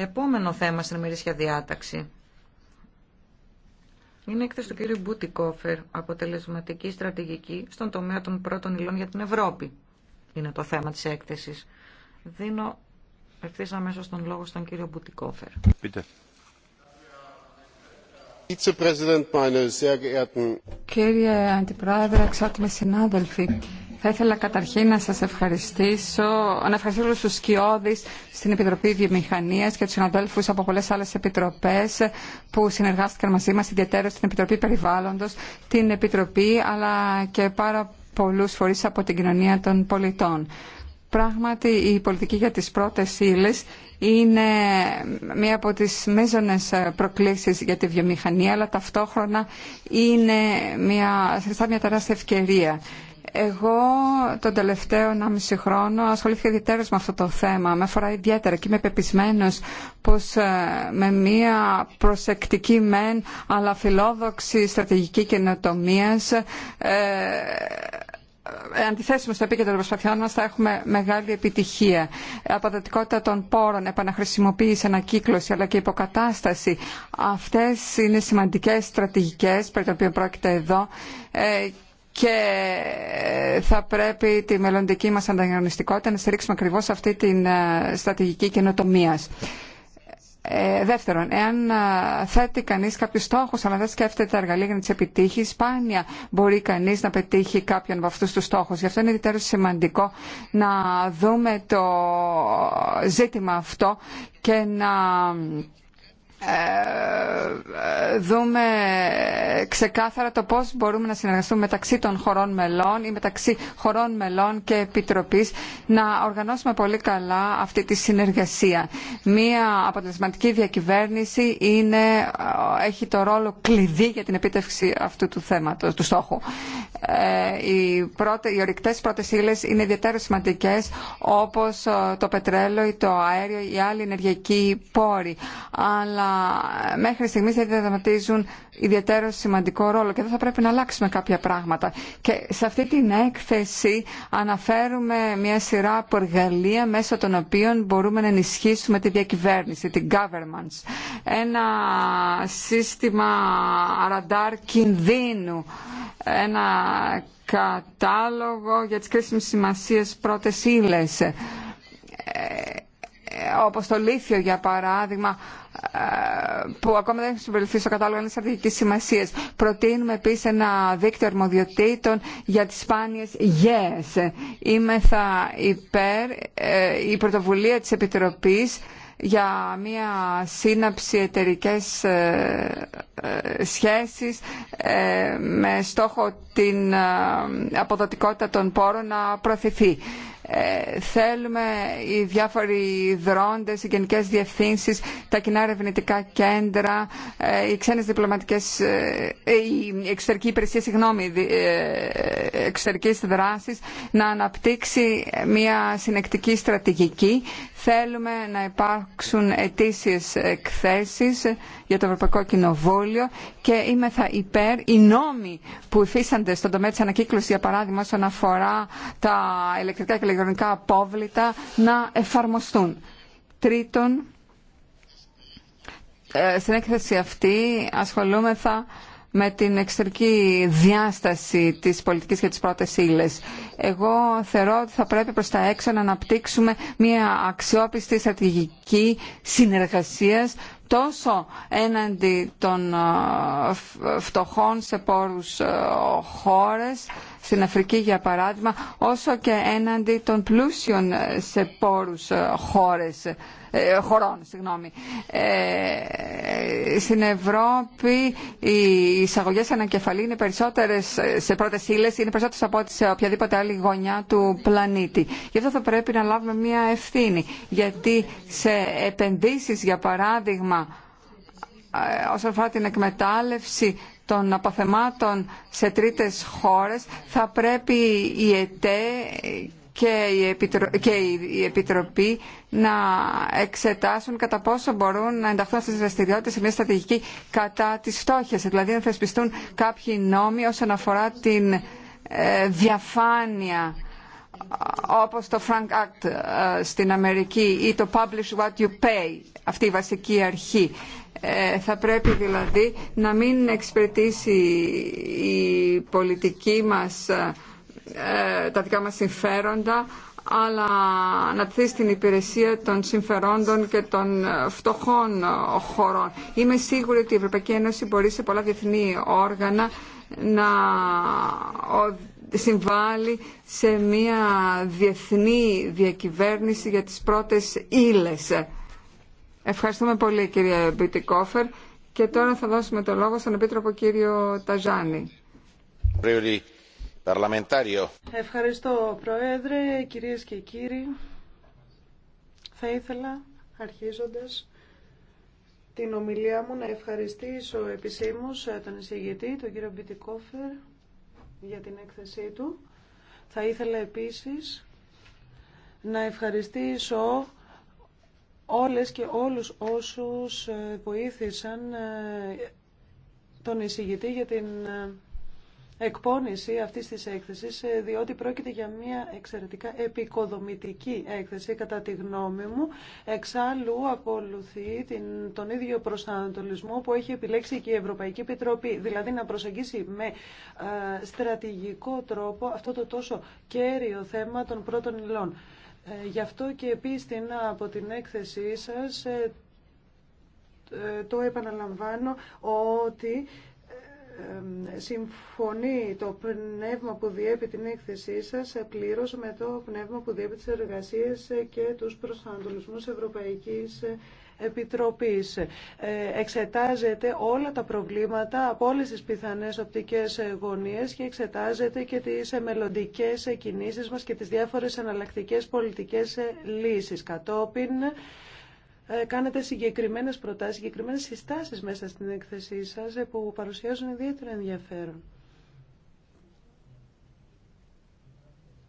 Επόμενο θέμα στην ημερήσια διάταξη. Είναι έκθεση του κύριου Μπουτικόφερ, αποτελεσματική στρατηγική στον τομέα των πρώτων υλών για την Ευρώπη. Είναι το θέμα της έκθεσης. Δίνω ευθύς αμέσως τον λόγο στον κύριο Μπουτικόφερ. Πείτε. Κύριε Αντιπρόεδρε, εξάρτημε συνάδελφοι, θα ήθελα καταρχήν να σας ευχαριστήσω, να ευχαριστήσω όλους τους σκιώδεις στην Επιτροπή Βιομηχανίας και τους συναδέλφους από πολλές άλλες επιτροπές που συνεργάστηκαν μαζί μας, ιδιαίτερα στην Επιτροπή Περιβάλλοντος, την Επιτροπή, αλλά και πάρα πολλούς φορείς από την κοινωνία των πολιτών. Πράγματι, η πολιτική για τις πρώτες ύλε είναι μία από τις μέζονες προκλήσεις για τη βιομηχανία, αλλά ταυτόχρονα είναι μια, μια τεράστια ευκαιρία. Εγώ τον τελευταίο 1,5 χρόνο ασχολήθηκα ιδιαίτερα με αυτό το θέμα. Με αφορά ιδιαίτερα και είμαι πεπισμένος πως ε, με μία προσεκτική μεν αλλά φιλόδοξη στρατηγική καινοτομία. Ε, ε αντιθέσιμο στο επίκεντρο των προσπαθειών μα θα έχουμε μεγάλη επιτυχία. Αποδοτικότητα των πόρων, επαναχρησιμοποίηση, ανακύκλωση αλλά και υποκατάσταση. Αυτέ είναι σημαντικέ στρατηγικέ περί των οποίων πρόκειται εδώ ε, και ε, θα πρέπει τη μελλοντική μας ανταγωνιστικότητα να στηρίξουμε ακριβώς αυτή τη ε, στρατηγική καινοτομία. Ε, δεύτερον, εάν θέτει κανείς κάποιους στόχους αλλά δεν σκέφτεται τα εργαλεία για να τις επιτύχει, σπάνια μπορεί κανείς να πετύχει κάποιον από αυτούς τους στόχους. Γι' αυτό είναι ιδιαίτερα σημαντικό να δούμε το ζήτημα αυτό και να ε, ε, δούμε ξεκάθαρα το πώς μπορούμε να συνεργαστούμε μεταξύ των χωρών μελών ή μεταξύ χωρών μελών και επιτροπής να οργανώσουμε πολύ καλά αυτή τη συνεργασία. Μία αποτελεσματική διακυβέρνηση είναι, ε, έχει το ρόλο κλειδί για την επίτευξη αυτού του θέματος, του στόχου. οι, πρώτε, οι ορυκτές πρώτες ύλες είναι ιδιαίτερα σημαντικές όπως το πετρέλαιο, το αέριο, ή άλλοι ενεργειακοί πόροι. Αλλά μέχρι στιγμής δεν διαδραματίζουν ιδιαίτερο σημαντικό ρόλο και εδώ θα πρέπει να αλλάξουμε κάποια πράγματα. Και σε αυτή την έκθεση αναφέρουμε μια σειρά από εργαλεία μέσω των οποίων μπορούμε να ενισχύσουμε τη διακυβέρνηση, την governance. Ένα σύστημα ραντάρ κινδύνου, ένα κατάλογο για τις κρίσιμες σημασίες πρώτες ύλες ε, ε, όπως το λίθιο για παράδειγμα ε, που ακόμα δεν έχει συμπεριληφθεί στο κατάλογο είναι στρατηγικής σημασίας. Προτείνουμε επίσης ένα δίκτυο αρμοδιοτήτων για τις σπάνιες γέες. θα υπέρ ε, η πρωτοβουλία της Επιτροπής για μια σύναψη εταιρικές σχέσεις με στόχο την αποδοτικότητα των πόρων να προωθηθεί. Ε, θέλουμε οι διάφοροι δρόντες, οι γενικές διευθύνσεις, τα κοινά ερευνητικά κέντρα, ε, οι ξένες διπλωματικές, η ε, εξωτερική υπηρεσία, συγγνώμη, εξωτερικής να αναπτύξει μια συνεκτική στρατηγική Θέλουμε να υπάρξουν ετήσιες εκθέσεις για το Ευρωπαϊκό Κοινοβούλιο και είμαι θα υπέρ οι νόμοι που υφίστανται στον τομέα της ανακύκλωσης, για παράδειγμα, όσον αφορά τα ηλεκτρικά και ηλεκτρονικά απόβλητα, να εφαρμοστούν. Τρίτον, ε, στην έκθεση αυτή ασχολούμεθα με την εξωτερική διάσταση της πολιτικής και της πρώτες ύλε. Εγώ θεωρώ ότι θα πρέπει προς τα έξω να αναπτύξουμε μια αξιόπιστη στρατηγική συνεργασίας τόσο έναντι των ε, ε, φτωχών σε πόρους ε, χώρες στην Αφρική για παράδειγμα όσο και έναντι των πλούσιων ε, σε πόρους ε, χώρες, ε, χωρών. στην Ευρώπη οι εισαγωγέ ανακεφαλή είναι περισσότερες σε πρώτες ύλες, είναι περισσότερες από ό,τι σε οποιαδήποτε άλλη γωνιά του πλανήτη. Γι' αυτό θα πρέπει να λάβουμε μια ευθύνη γιατί σε επενδύσεις για παράδειγμα όσον αφορά την εκμετάλλευση των αποθεμάτων σε τρίτες χώρες θα πρέπει η ΕΤΕ και η Επιτροπή να εξετάσουν κατά πόσο μπορούν να ενταχθούν στις δραστηριότητες σε μια στρατηγική κατά τις φτώχειας. Δηλαδή να θεσπιστούν κάποιοι νόμοι όσον αφορά την ε, διαφάνεια όπως το Frank Act ε, στην Αμερική ή το Publish What You Pay, αυτή η βασική αρχή. Ε, θα πρέπει δηλαδή να μην εξυπηρετήσει η πολιτική μας ε, τα δικά μας συμφέροντα αλλά να τθεί στην υπηρεσία των συμφερόντων και των φτωχών χωρών. Είμαι σίγουρη ότι η Ευρωπαϊκή Ένωση μπορεί σε πολλά διεθνή όργανα να συμβάλλει σε μια διεθνή διακυβέρνηση για τις πρώτες ύλες Ευχαριστούμε πολύ κύριε Μπιτικόφερ και τώρα θα δώσουμε το λόγο στον Επίτροπο κύριο Ταζάνη. Ευχαριστώ Πρόεδρε, κυρίες και κύριοι. Θα ήθελα αρχίζοντας την ομιλία μου να ευχαριστήσω επισήμως ε, τον εισηγητή, τον κύριο Μπιτικόφερ, για την έκθεσή του. Θα ήθελα επίσης να ευχαριστήσω όλες και όλους όσους ε, βοήθησαν ε, τον εισηγητή για την ε, εκπόνηση αυτής της έκθεσης, διότι πρόκειται για μια εξαιρετικά επικοδομητική έκθεση, κατά τη γνώμη μου. Εξάλλου ακολουθεί την, τον ίδιο προσανατολισμό που έχει επιλέξει και η Ευρωπαϊκή Επιτροπή, δηλαδή να προσεγγίσει με στρατηγικό τρόπο αυτό το τόσο κέριο θέμα των πρώτων υλών. Ε, γι' αυτό και επίστηνα από την έκθεσή σας, ε, ε, το επαναλαμβάνω, ότι συμφωνεί το πνεύμα που διέπει την έκθεσή σας πλήρως με το πνεύμα που διέπει τις εργασίες και τους προσανατολισμούς Ευρωπαϊκής Επιτροπής. Ε, εξετάζεται όλα τα προβλήματα από όλες τις πιθανές οπτικές ε, γωνίες και εξετάζεται και τις ε, μελλοντικέ κινήσεις μας και τις διάφορες εναλλακτικές πολιτικές λύσεις. Κατόπιν κάνετε συγκεκριμένες προτάσεις, συγκεκριμένες συστάσεις μέσα στην έκθεσή σας που παρουσιάζουν ιδιαίτερο ενδιαφέρον.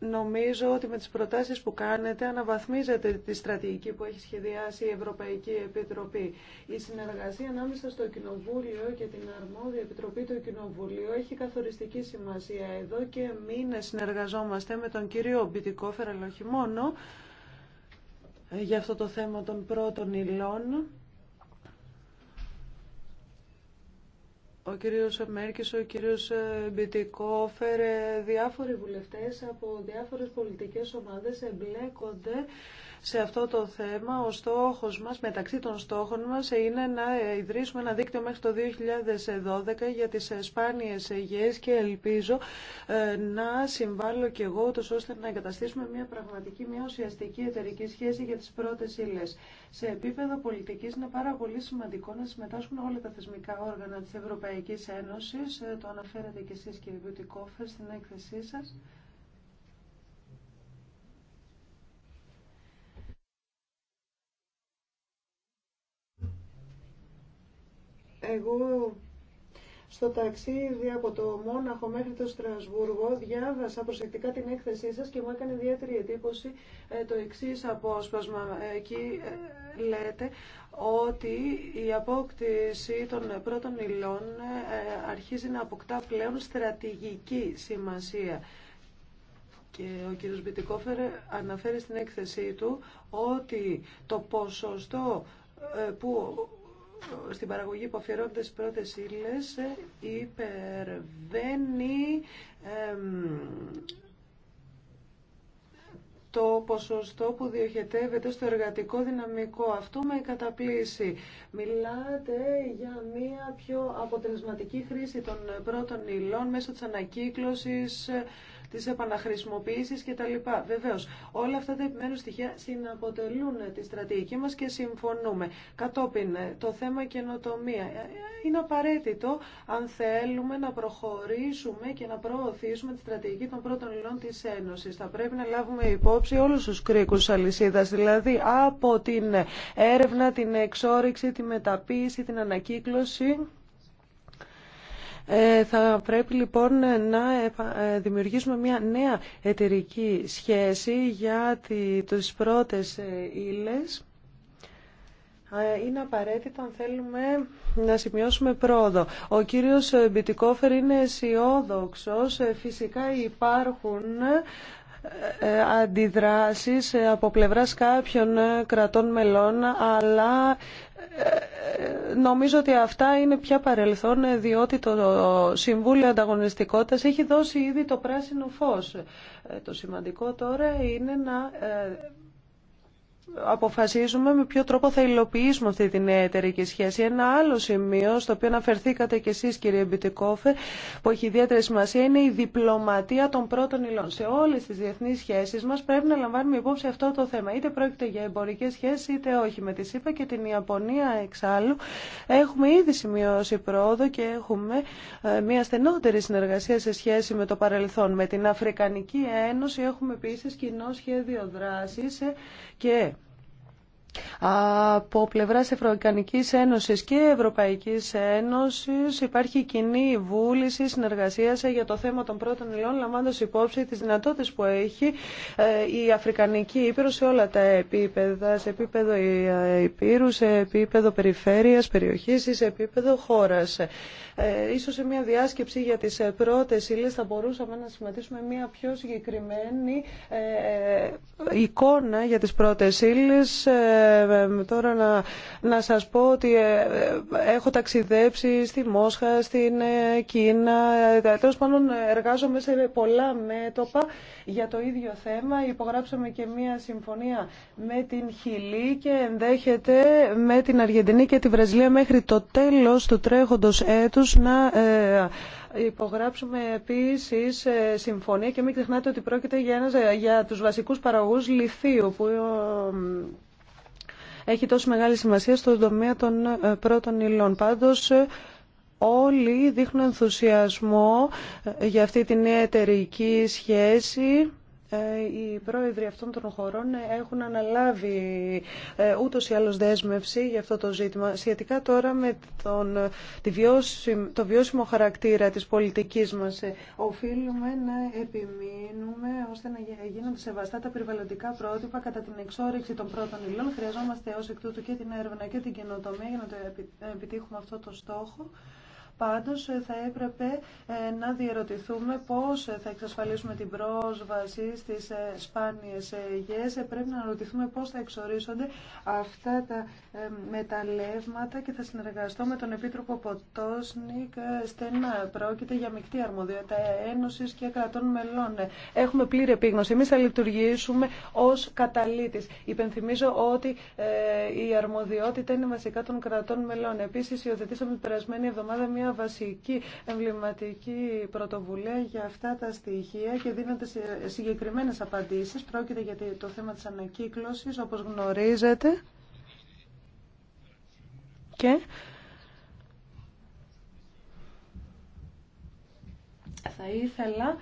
Νομίζω ότι με τις προτάσεις που κάνετε αναβαθμίζετε τη στρατηγική που έχει σχεδιάσει η Ευρωπαϊκή Επιτροπή. Η συνεργασία ανάμεσα στο Κοινοβούλιο και την αρμόδια Επιτροπή του Κοινοβουλίου έχει καθοριστική σημασία. Εδώ και μήνες συνεργαζόμαστε με τον κύριο Μπιτικόφερα μόνο, ε, για αυτό το θέμα των πρώτων υλών. ο κύριος Μέρκης, ο κύριος ε, φέρε διάφοροι βουλευτές από διάφορες πολιτικές ομάδες εμπλέκονται σε αυτό το θέμα. Ο στόχος μας, μεταξύ των στόχων μας, είναι να ιδρύσουμε ένα δίκτυο μέχρι το 2012 για τις σπάνιες υγιές και ελπίζω ε, να συμβάλλω και εγώ ούτως ώστε να εγκαταστήσουμε μια πραγματική, μια ουσιαστική εταιρική σχέση για τις πρώτες ύλες. Σε επίπεδο πολιτικής είναι πάρα πολύ σημαντικό να συμμετάσχουν όλα τα θεσμικά όργανα της Ευρωπαϊκής Ένωσης. Ε, το αναφέρατε και εσείς κύριε Βιωτικόφερ στην έκθεσή σας. Εγώ στο ταξίδι από το Μόναχο μέχρι το Στρασβούργο διάβασα προσεκτικά την έκθεσή σας και μου έκανε ιδιαίτερη εντύπωση ε, το εξής απόσπασμα. Εκεί ε, λέτε ότι η απόκτηση των πρώτων υλών ε, αρχίζει να αποκτά πλέον στρατηγική σημασία. Και ο κ. Μπιτικόφερ αναφέρει στην έκθεσή του ότι το ποσοστό που στην παραγωγή που αφιερώνονται στις πρώτες ύλες ε, υπερβαίνει το ποσοστό που διοχετεύεται στο εργατικό δυναμικό. Αυτό με καταπλήσει. Μιλάτε για μια πιο αποτελεσματική χρήση των πρώτων υλών μέσω της ανακύκλωσης, και τα λοιπά. Βεβαίως, όλα αυτά τα επιμέρους στοιχεία συναποτελούν τη στρατηγική μας και συμφωνούμε. Κατόπιν, το θέμα καινοτομία ε, είναι απαραίτητο αν θέλουμε να προχωρήσουμε και να προωθήσουμε τη στρατηγική των πρώτων υλών της Ένωσης. Θα πρέπει να λάβουμε υπόψη όλους τους κρίκους αλυσίδας, δηλαδή από την έρευνα, την εξόρυξη, τη μεταποίηση, την ανακύκλωση ε, θα πρέπει λοιπόν να ε, δημιουργήσουμε μια νέα εταιρική σχέση για τις πρώτες ε, ύλες. Είναι απαραίτητο αν θέλουμε να σημειώσουμε πρόοδο. Ο κύριος Μπιτικόφερ είναι αισιόδοξο. Φυσικά υπάρχουν αντιδράσεις από πλευράς κάποιων κρατών μελών, αλλά νομίζω ότι αυτά είναι πια παρελθόν διότι το Συμβούλιο Ανταγωνιστικότητας έχει δώσει ήδη το πράσινο φως. Ε, το σημαντικό τώρα είναι να ε, αποφασίζουμε με ποιο τρόπο θα υλοποιήσουμε αυτή την εταιρική σχέση. Ένα άλλο σημείο στο οποίο αναφερθήκατε και εσείς κύριε Μπιτικόφε που έχει ιδιαίτερη σημασία είναι η διπλωματία των πρώτων υλών. Σε όλες τις διεθνείς σχέσεις μας πρέπει να λαμβάνουμε υπόψη αυτό το θέμα. Είτε πρόκειται για εμπορικέ σχέσεις είτε όχι. Με τη ΣΥΠΑ και την Ιαπωνία εξάλλου έχουμε ήδη σημειώσει πρόοδο και έχουμε ε, μια στενότερη συνεργασία σε σχέση με το παρελθόν. Με την Αφρικανική Ένωση έχουμε επίση κοινό σχέδιο δράση ε, και από πλευρά Ευρωπαϊκή Ένωση και Ευρωπαϊκής Ένωση υπάρχει κοινή βούληση συνεργασία για το θέμα των πρώτων υλών, λαμβάνοντας υπόψη τι δυνατότητε που έχει ε, η Αφρικανική Ήπειρο σε όλα τα επίπεδα, σε επίπεδο ε, Ήπειρου, σε επίπεδο περιφέρεια, περιοχή ή σε επίπεδο χώρας. Ε, ίσως σε μια διάσκεψη για τις πρώτες ύλες θα μπορούσαμε να συμμετήσουμε μια πιο συγκεκριμένη εικόνα για τις πρώτες ύλες ε, τώρα να, να σας πω ότι ε, ε, έχω ταξιδέψει στη Μόσχα, στην Κίνα. Τέλος πάντων εργάζομαι σε πολλά μέτωπα για το ίδιο θέμα. Υπογράψαμε και μία συμφωνία με την Χιλή και ενδέχεται με την Αργεντινή και τη Βραζιλία μέχρι το τέλος του τρέχοντος έτους να υπογράψουμε επίσης συμφωνία και μην ξεχνάτε ότι πρόκειται για, για τους βασικούς παραγωγούς λιθίου που έχει τόσο μεγάλη σημασία στον τομέα των ε, πρώτων υλών. Πάντως, ε, όλοι δείχνουν ενθουσιασμό ε, για αυτή την νέα εταιρική σχέση ε, οι πρόεδροι αυτών των χωρών έχουν αναλάβει ε, ούτως ή άλλως δέσμευση για αυτό το ζήτημα. Σχετικά τώρα με τον, ε, τη το βιώσιμο χαρακτήρα της πολιτικής μας, οφείλουμε να επιμείνουμε ώστε να γίνονται σεβαστά τα περιβαλλοντικά πρότυπα κατά την εξόρυξη των πρώτων υλών. Χρειαζόμαστε ως εκ τούτου και την έρευνα και την καινοτομία για να επιτύχουμε αυτό το στόχο. Πάντως ε, θα έπρεπε ε, να διερωτηθούμε πώς ε, θα εξασφαλίσουμε την πρόσβαση στις σπάνιες γης. Πρέπει να ρωτηθούμε πώς θα εξορίσονται αυτά τα ε, με τα λεύματα και θα συνεργαστώ με τον Επίτροπο Ποτόσνικ ε, στενά. Πρόκειται για μεικτή αρμοδιότητα Ένωση και κρατών μελών. Ε, έχουμε πλήρη επίγνωση. Εμεί θα λειτουργήσουμε ω καταλήτη. Υπενθυμίζω ότι η αρμοδιότητα είναι βασικά των κρατών μελών. Επίση, υιοθετήσαμε την περασμένη εβδομάδα μια βασική εμβληματική πρωτοβουλία για αυτά τα στοιχεία και δίνονται συγκεκριμένε απαντήσει. Πρόκειται για το θέμα τη ανακύκλωση, όπω γνωρίζετε και θα ήθελα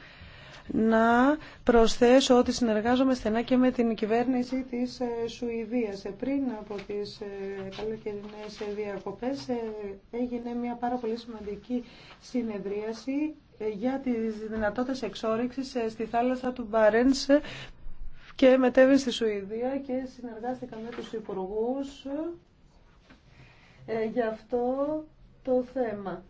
να προσθέσω ότι συνεργάζομαι στενά και με την κυβέρνηση της ε, Σουηδίας. Ε, πριν από τις ε, καλοκαιρινές διακοπές έγινε μια πάρα πολύ σημαντική συνεδρίαση για τις δυνατότητες εξόριξης στη θάλασσα του Μπαρένς και μετέβη στη Σουηδία και συνεργάστηκα με τους υπουργούς ε, γι' αυτό το θέμα.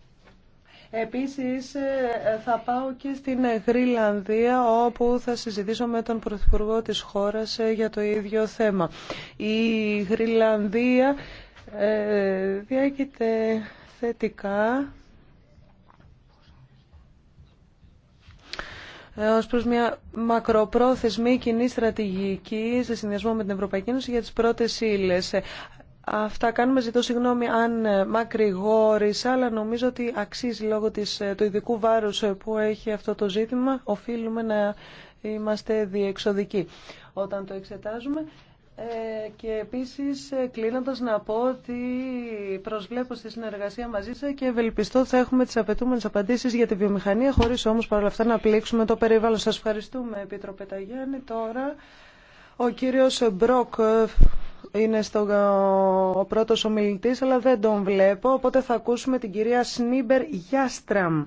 Επίσης ε, θα πάω και στην Γρυλανδία όπου θα συζητήσω με τον Πρωθυπουργό της χώρας ε, για το ίδιο θέμα. Η Γρυλανδία διάγεται θετικά ως προς μια μακροπρόθεσμη κοινή στρατηγική σε συνδυασμό με την Ευρωπαϊκή Ένωση για τις πρώτες ύλες. Αυτά κάνουμε. Ζητώ συγγνώμη αν ε, μακρηγόρησα, αλλά νομίζω ότι αξίζει λόγω της, ε, του ειδικού βάρους ε, που έχει αυτό το ζήτημα. Οφείλουμε να είμαστε διεξοδικοί όταν το εξετάζουμε. και επίσης κλείνοντας να πω ότι προσβλέπω στη συνεργασία μαζί σας και ευελπιστώ ότι θα έχουμε τις απαιτούμενες απαντήσεις για τη βιομηχανία χωρίς όμως παρόλα αυτά να πλήξουμε το περιβάλλον. Σας ευχαριστούμε Επίτροπε Ταγιάννη. Τώρα ο κύριος Μπρόκ είναι στο, ο πρώτος ομιλητής, αλλά δεν τον βλέπω, οπότε θα ακούσουμε την κυρία Σνίμπερ Γιάστραμ.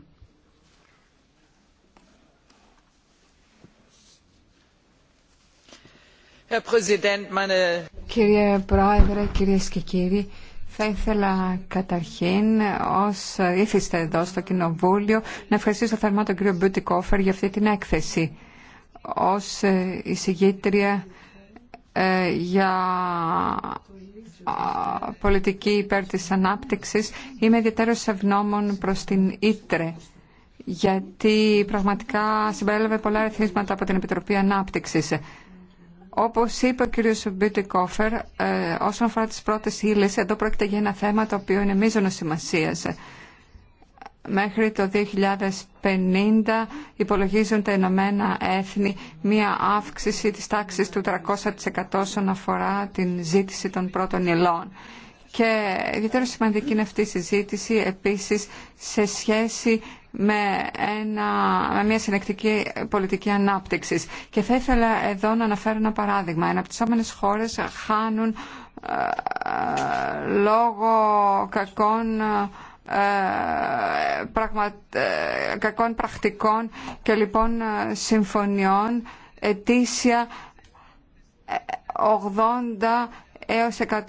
Κύριε Πρόεδρε, κυρίες και κύριοι, θα ήθελα καταρχήν ως ήθιστε εδώ στο Κοινοβούλιο να ευχαριστήσω θερμά τον κύριο Μπιούτι για αυτή την έκθεση. Ως ε, εισηγήτρια ε, για πολιτική υπέρ της ανάπτυξης. Είμαι ιδιαίτερο ευγνώμων προς την Ήτρε γιατί πραγματικά συμπέλευε πολλά ρεθίσματα από την Επιτροπή Ανάπτυξης. Όπως είπε ο κ. Μπιουτικόφερ, ε, όσον αφορά τις πρώτες ύλες, εδώ πρόκειται για ένα θέμα το οποίο είναι μείζονος σημασίας. Μέχρι το 2050 υπολογίζουν τα Ηνωμένα Έθνη μία αύξηση της τάξης του 300% όσον αφορά την ζήτηση των πρώτων υλών. Και ιδιαίτερα σημαντική είναι αυτή η συζήτηση επίσης σε σχέση με, ένα, μια συνεκτική πολιτική ανάπτυξης. Και θα ήθελα εδώ να αναφέρω ένα παράδειγμα. Εναπτυσσόμενες χώρες χάνουν ε, ε, λόγω κακών ε, πραγμα... Ε, κακών πρακτικών και λοιπόν ε, συμφωνιών ετήσια 80 έως 160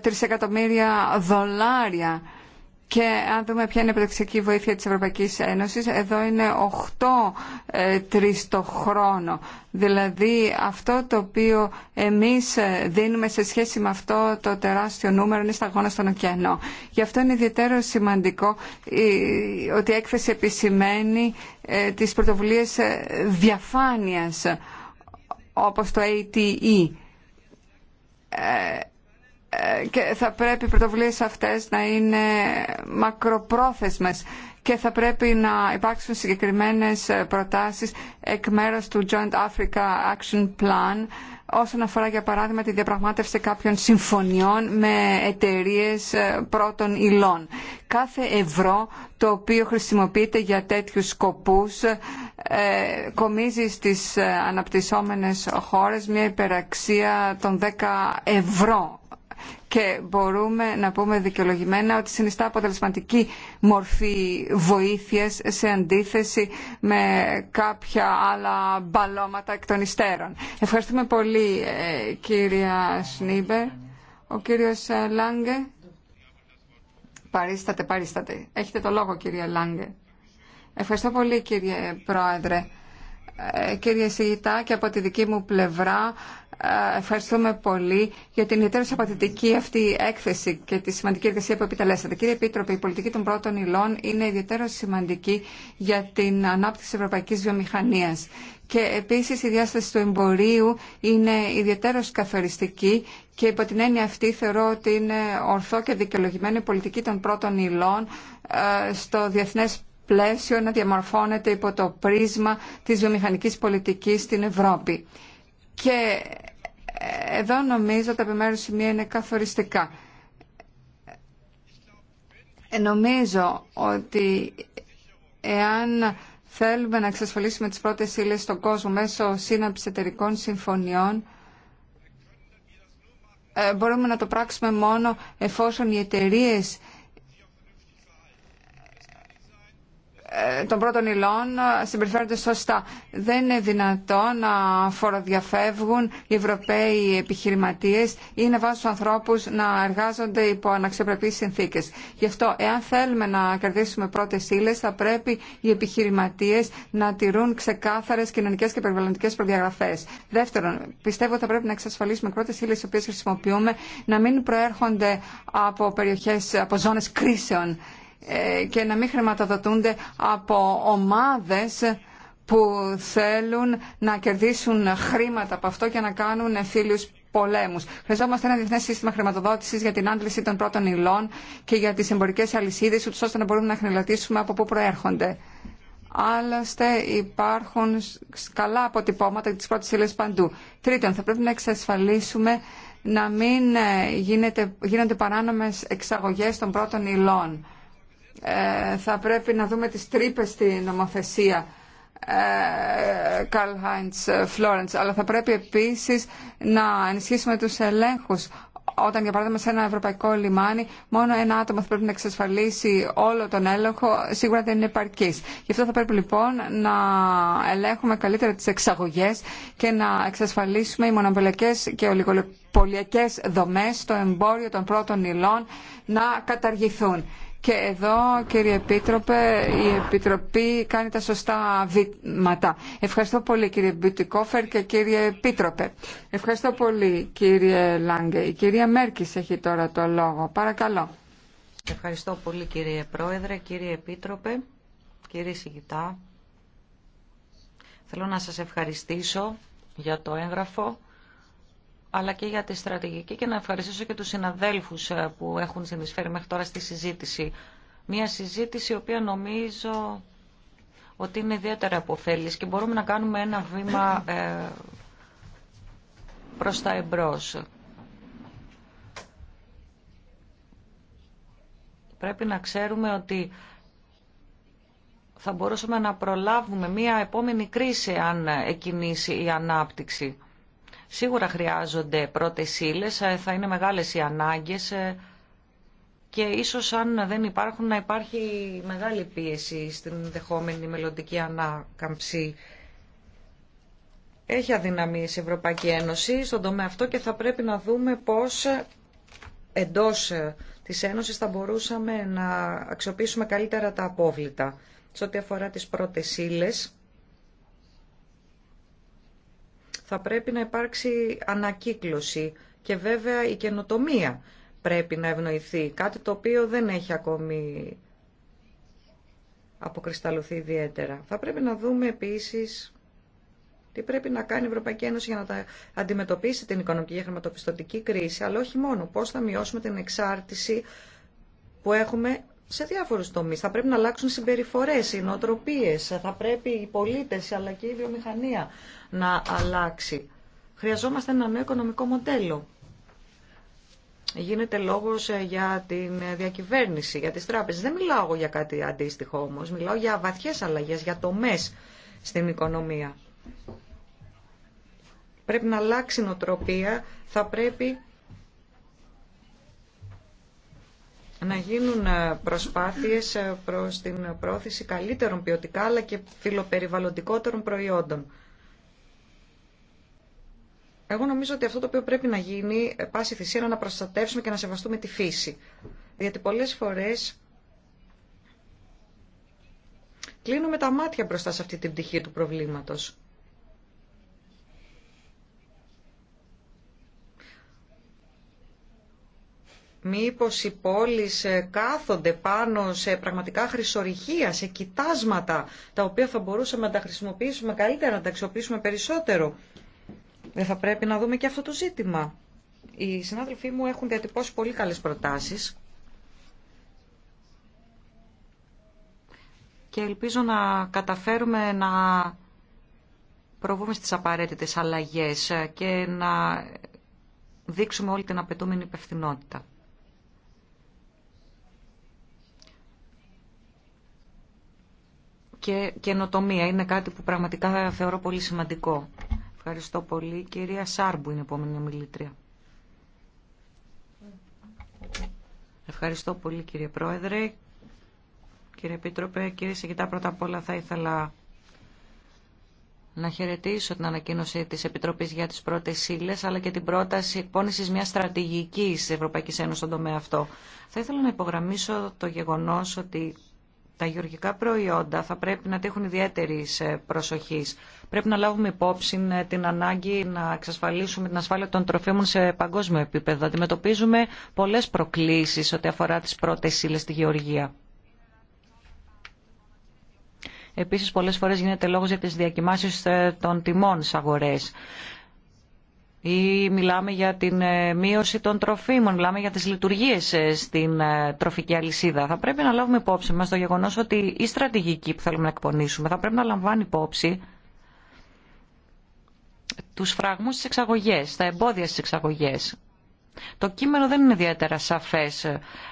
τρισεκατομμύρια δολάρια και αν δούμε ποια είναι η βοήθεια της Ευρωπαϊκής Ένωσης, εδώ είναι 8-3 ε, το χρόνο. Δηλαδή αυτό το οποίο εμείς ε, δίνουμε σε σχέση με αυτό το τεράστιο νούμερο είναι σταγόνα στον ωκεανό. Γι' αυτό είναι ιδιαίτερο σημαντικό ε, ότι η έκθεση επισημαίνει τις πρωτοβουλίες διαφάνειας όπως το ATE και θα πρέπει οι πρωτοβουλίες αυτές να είναι μακροπρόθεσμες και θα πρέπει να υπάρξουν συγκεκριμένες προτάσεις εκ μέρους του Joint Africa Action Plan όσον αφορά για παράδειγμα τη διαπραγμάτευση κάποιων συμφωνιών με εταιρείε πρώτων υλών. Κάθε ευρώ το οποίο χρησιμοποιείται για τέτοιους σκοπούς ε, κομίζει στις ε, αναπτυσσόμενες χώρες μια υπεραξία των 10 ευρώ και μπορούμε να πούμε δικαιολογημένα ότι συνιστά αποτελεσματική μορφή βοήθειας σε αντίθεση με κάποια άλλα μπαλώματα εκ των υστέρων. Ευχαριστούμε πολύ ε, κυρία Σνίμπερ. Ο κύριος ε, Λάγκε. Παρίστατε, παρίστατε. Έχετε το λόγο κύριε Λάγκε. Ευχαριστώ πολύ κύριε Πρόεδρε. Ε, κύριε Σιγητά και από τη δική μου πλευρά ε, ευχαριστούμε πολύ για την ιδιαίτερως απαντητική αυτή έκθεση και τη σημαντική εργασία που επιτελέσατε. Κύριε Επίτροπε, η πολιτική των πρώτων υλών είναι ιδιαίτερα σημαντική για την ανάπτυξη ευρωπαϊκής βιομηχανίας. Και επίσης η διάσταση του εμπορίου είναι ιδιαίτερα καθοριστική και υπό την έννοια αυτή θεωρώ ότι είναι ορθό και δικαιολογημένο η πολιτική των πρώτων υλών ε, στο διεθνές πλαίσιο να διαμορφώνεται υπό το πρίσμα της βιομηχανικής πολιτικής στην Ευρώπη. Και ε, εδώ νομίζω τα επιμέρους σημεία είναι καθοριστικά. Ε, νομίζω ότι εάν θέλουμε να εξασφαλίσουμε τις πρώτες ύλες στον κόσμο μέσω σύναψης εταιρικών συμφωνιών, ε, μπορούμε να το πράξουμε μόνο εφόσον οι εταιρείε Ε, των πρώτων υλών ε, συμπεριφέρονται σωστά. Δεν είναι δυνατό να φοροδιαφεύγουν οι Ευρωπαίοι επιχειρηματίε ή να βάζουν τους ανθρώπου να εργάζονται υπό αναξιοπρεπεί συνθήκε. Γι' αυτό, εάν θέλουμε να κερδίσουμε πρώτε ύλε, θα πρέπει οι επιχειρηματίε να τηρούν ξεκάθαρε κοινωνικέ και περιβαλλοντικέ προδιαγραφέ. Δεύτερον, πιστεύω ότι θα πρέπει να εξασφαλίσουμε πρώτες ύλε οι οποίε χρησιμοποιούμε να μην προέρχονται από περιοχέ, από ζώνε κρίσεων ε, και να μην χρηματοδοτούνται από ομάδες που θέλουν να κερδίσουν χρήματα από αυτό και να κάνουν φίλους πολέμους. Χρειαζόμαστε ένα διεθνές σύστημα χρηματοδότησης για την άντληση των πρώτων υλών και για τις εμπορικές αλυσίδες, ώστε να μπορούμε να χρηματοδοτήσουμε από πού προέρχονται. Άλλωστε υπάρχουν καλά αποτυπώματα της πρώτης ύλες παντού. Τρίτον, θα πρέπει να εξασφαλίσουμε να μην ε, γίνεται, γίνονται παράνομες εξαγωγές των πρώτων υλών ε, θα πρέπει να δούμε τις τρύπε στην νομοθεσία Καρλ Χάιντς Φλόρεντς αλλά θα πρέπει επίσης να ενισχύσουμε τους ελέγχους όταν για παράδειγμα σε ένα ευρωπαϊκό λιμάνι μόνο ένα άτομο θα πρέπει να εξασφαλίσει όλο τον έλεγχο σίγουρα δεν είναι επαρκής. Γι' αυτό θα πρέπει λοιπόν να ελέγχουμε καλύτερα τις εξαγωγές και να εξασφαλίσουμε οι μονοπελιακές και ολιγοπολιακές δομές στο εμπόριο των πρώτων υλών να καταργηθούν. Και εδώ, κύριε Επίτροπε, η Επιτροπή κάνει τα σωστά βήματα. Ευχαριστώ πολύ, κύριε Μπιουτικόφερ και κύριε Επίτροπε. Ευχαριστώ πολύ, κύριε Λάγκε. Η κυρία Μέρκης έχει τώρα το λόγο. Παρακαλώ. Ευχαριστώ πολύ, κύριε Πρόεδρε, κύριε Επίτροπε, κύριε Σιγητά. Θέλω να σας ευχαριστήσω για το έγγραφο αλλά και για τη στρατηγική και να ευχαριστήσω και τους συναδέλφους ε, που έχουν συνεισφέρει μέχρι τώρα στη συζήτηση. Μια συζήτηση η οποία νομίζω ότι είναι ιδιαίτερα αποφέλης και μπορούμε να κάνουμε ένα βήμα ε, προς τα εμπρός. Πρέπει να ξέρουμε ότι θα μπορούσαμε να προλάβουμε μία επόμενη κρίση αν εκινήσει η ανάπτυξη. Σίγουρα χρειάζονται πρώτες ύλε, ε, θα είναι μεγάλες οι ανάγκες ε, και ίσως αν δεν υπάρχουν να υπάρχει μεγάλη πίεση στην δεχόμενη μελλοντική ανάκαμψη. Έχει αδυναμίες η Ευρωπαϊκή Ένωση στον τομέα αυτό και θα πρέπει να δούμε πώς εντός ε, της Ένωσης θα μπορούσαμε να αξιοποιήσουμε καλύτερα τα απόβλητα. Σε ό,τι αφορά τις πρώτες θα πρέπει να υπάρξει ανακύκλωση και βέβαια η καινοτομία πρέπει να ευνοηθεί, κάτι το οποίο δεν έχει ακόμη αποκρισταλωθεί ιδιαίτερα. Θα πρέπει να δούμε επίσης τι πρέπει να κάνει η Ευρωπαϊκή Ένωση για να αντιμετωπίσει την οικονομική και χρηματοπιστωτική κρίση, αλλά όχι μόνο, πώς θα μειώσουμε την εξάρτηση που έχουμε σε διάφορους τομείς. Θα πρέπει να αλλάξουν συμπεριφορές, οι θα πρέπει οι πολίτε αλλά και η βιομηχανία να αλλάξει. Χρειαζόμαστε ένα νέο οικονομικό μοντέλο. Γίνεται λόγο ε, για την διακυβέρνηση, για τις τράπεζε. Δεν μιλάω για κάτι αντίστοιχο όμω, μιλάω για βαθιές αλλαγές, για τομέ στην οικονομία. Πρέπει να αλλάξει η νοοτροπία, θα πρέπει να γίνουν ε, προσπάθειες ε, προς την πρόθεση καλύτερων ποιοτικά αλλά και φιλοπεριβαλλοντικότερων προϊόντων. Εγώ νομίζω ότι αυτό το οποίο πρέπει να γίνει, ε, πάση θυσία, είναι να προστατεύσουμε και να σεβαστούμε τη φύση. Γιατί πολλές φορές κλείνουμε τα μάτια μπροστά σε αυτή την πτυχή του προβλήματος. Μήπως οι πόλεις ε, κάθονται πάνω σε πραγματικά χρυσορυχεία, σε κοιτάσματα, τα οποία θα μπορούσαμε να τα χρησιμοποιήσουμε καλύτερα, να τα αξιοποιήσουμε περισσότερο. Δεν θα πρέπει να δούμε και αυτό το ζήτημα. Οι συνάδελφοί μου έχουν διατυπώσει πολύ καλές προτάσεις. Και ελπίζω να καταφέρουμε να προβούμε στις απαραίτητες αλλαγές και να δείξουμε όλη την απαιτούμενη υπευθυνότητα. και καινοτομία. Είναι κάτι που πραγματικά θεωρώ πολύ σημαντικό. Ευχαριστώ πολύ. Κυρία Σάρμπου είναι η επόμενη ομιλήτρια. Ευχαριστώ πολύ κύριε Πρόεδρε, κύριε Επίτροπε, κύριε Σεγητά. Πρώτα απ' όλα θα ήθελα να χαιρετήσω την ανακοίνωση της Επιτροπής για τις πρώτες ύλε, αλλά και την πρόταση εκπόνησης μιας στρατηγικής Ευρωπαϊκής Ένωσης στον τομέα αυτό. Θα ήθελα να υπογραμμίσω το γεγονός ότι τα γεωργικά προϊόντα θα πρέπει να τέχουν ιδιαίτερη ε, προσοχή. Πρέπει να λάβουμε υπόψη ε, την ανάγκη να εξασφαλίσουμε την ασφάλεια των τροφίμων σε παγκόσμιο επίπεδο. Αντιμετωπίζουμε πολλέ προκλήσει ό,τι αφορά τι πρώτε ύλε στη γεωργία. Επίση, πολλέ φορέ γίνεται λόγο για τι διακοιμάσεις ε, των τιμών στι αγορέ ή μιλάμε για την ε, μείωση των τροφίμων, μιλάμε για τις λειτουργίες ε, στην ε, τροφική αλυσίδα. Θα πρέπει να λάβουμε υπόψη μας το γεγονός ότι η στρατηγική που θέλουμε να εκπονήσουμε θα πρέπει να λαμβάνει υπόψη τους φραγμούς στις εξαγωγές, τα εμπόδια στις εξαγωγές. Το κείμενο δεν είναι ιδιαίτερα σαφές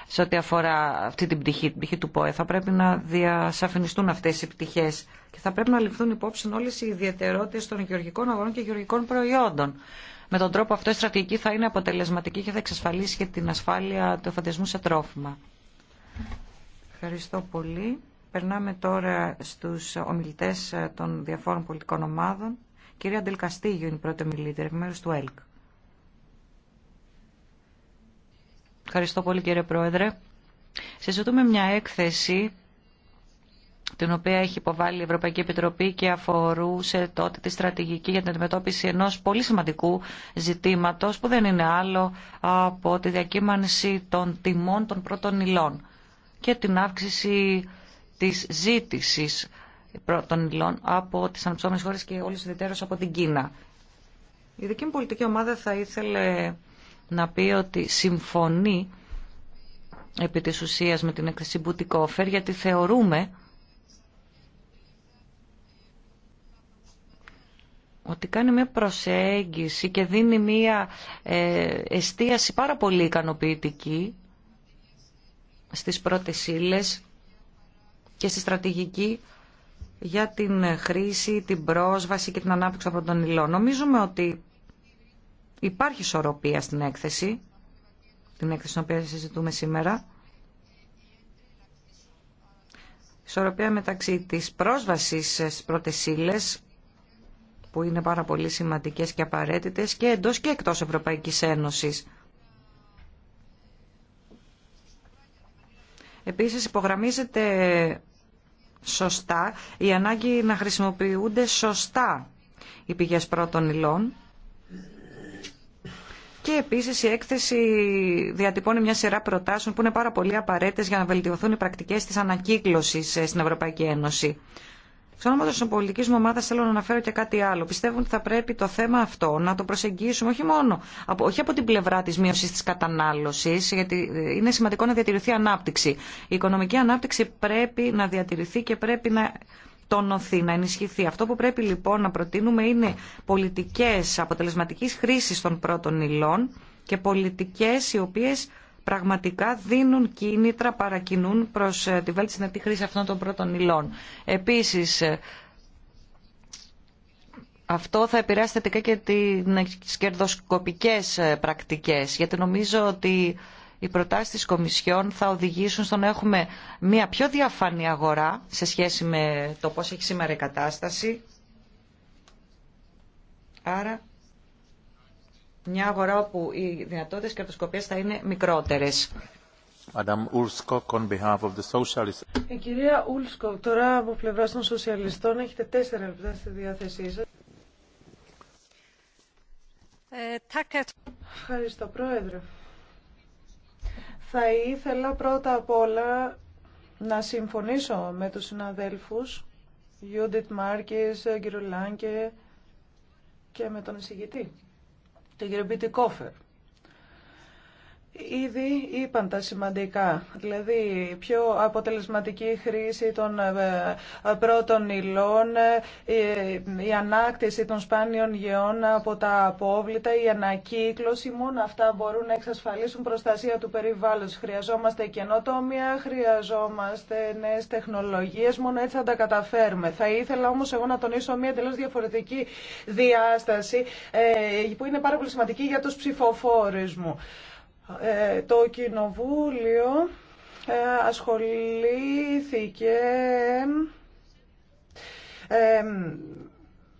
σε ό,τι αφορά αυτή την πτυχή, την πτυχή του ΠΟΕ. Θα πρέπει να διασαφινιστούν αυτές οι πτυχές και θα πρέπει να ληφθούν υπόψη όλες οι ιδιαιτερότητες των γεωργικών αγορών και γεωργικών προϊόντων. Με τον τρόπο αυτό η στρατηγική θα είναι αποτελεσματική και θα εξασφαλίσει και την ασφάλεια του εφαντισμού σε τρόφιμα. Ευχαριστώ πολύ. Περνάμε τώρα στους ομιλητές ε, των διαφόρων πολιτικών ομάδων. Κυρία Ντελκαστήγιο είναι η πρώτη ομιλήτρια, μέρους του ΕΛΚ. Ευχαριστώ πολύ κύριε Πρόεδρε. Συζητούμε μια έκθεση την οποία έχει υποβάλει η Ευρωπαϊκή Επιτροπή και αφορούσε τότε τη στρατηγική για την αντιμετώπιση ενός πολύ σημαντικού ζητήματος που δεν είναι άλλο από τη διακύμανση των τιμών των πρώτων υλών και την αύξηση της ζήτησης πρώτων υλών από τις αναπτυσσόμενες χώρες και όλες ιδιαίτερως από την Κίνα. Η δική μου πολιτική ομάδα θα ήθελε να πει ότι συμφωνεί επί της ουσίας με την έκθεση Μπουτικόφερ γιατί θεωρούμε ότι κάνει μια προσέγγιση και δίνει μια ε, εστίαση πάρα πολύ ικανοποιητική στις πρώτες ύλες και στη στρατηγική για την χρήση, την πρόσβαση και την ανάπτυξη από τον υλών. Νομίζουμε ότι υπάρχει ισορροπία στην έκθεση, την έκθεση την οποία συζητούμε σήμερα. Ισορροπία μεταξύ της πρόσβασης στις πρώτες ύλες που είναι πάρα πολύ σημαντικές και απαραίτητες και εντός και εκτός Ευρωπαϊκής Ένωσης. Επίσης υπογραμμίζεται σωστά η ανάγκη να χρησιμοποιούνται σωστά οι πηγές πρώτων υλών και επίσης η έκθεση διατυπώνει μια σειρά προτάσεων που είναι πάρα πολύ απαραίτητες για να βελτιωθούν οι πρακτικές της ανακύκλωσης ε, στην Ευρωπαϊκή Ένωση όνομα τη πολιτική μου ομάδα θέλω να αναφέρω και κάτι άλλο. Πιστεύω ότι θα πρέπει το θέμα αυτό να το προσεγγίσουμε όχι μόνο από, όχι από την πλευρά τη μείωση τη κατανάλωση, γιατί ε, είναι σημαντικό να διατηρηθεί ανάπτυξη. Η οικονομική ανάπτυξη πρέπει να διατηρηθεί και πρέπει να τονωθεί, να ενισχυθεί. Αυτό που πρέπει λοιπόν να προτείνουμε είναι πολιτικέ αποτελεσματική χρήση των πρώτων υλών και πολιτικέ οι οποίε πραγματικά δίνουν κίνητρα, παρακινούν προς ε, τη να τη χρήση αυτών των πρώτων υλών. Επίσης, ε, αυτό θα επηρεάσει θετικά και τις κερδοσκοπικές ε, πρακτικές, γιατί νομίζω ότι οι προτάσεις της Κομισιόν θα οδηγήσουν στο να έχουμε μια πιο διαφανή αγορά σε σχέση με το πώς έχει σήμερα η κατάσταση. Άρα μια αγορά όπου οι δυνατότητες κερδοσκοπίας θα είναι μικρότερες. Η κυρία Ούλσκοκ, τώρα από πλευρά των σοσιαλιστών έχετε τέσσερα λεπτά στη διάθεσή σας. Ε, Ευχαριστώ, Πρόεδρε. Θα ήθελα πρώτα απ' όλα να συμφωνήσω με τους συναδέλφους Γιούντιτ Μάρκης, κύριο και με τον εισηγητή τον κύριο κόφερ. Ήδη είπαν τα σημαντικά, δηλαδή πιο αποτελεσματική χρήση των ε, πρώτων υλών, ε, η ανάκτηση των σπάνιων γεών από τα απόβλητα, η ανακύκλωση, μόνο αυτά μπορούν να εξασφαλίσουν προστασία του περιβάλλοντος. Χρειαζόμαστε καινοτόμια, χρειαζόμαστε νέες τεχνολογίες, μόνο έτσι θα τα καταφέρουμε. Θα ήθελα όμως εγώ να τονίσω μια τελώς διαφορετική διάσταση ε, που είναι πάρα πολύ σημαντική για τους ψηφοφόρους μου. Ε, το Κοινοβούλιο ε, ασχολήθηκε ε,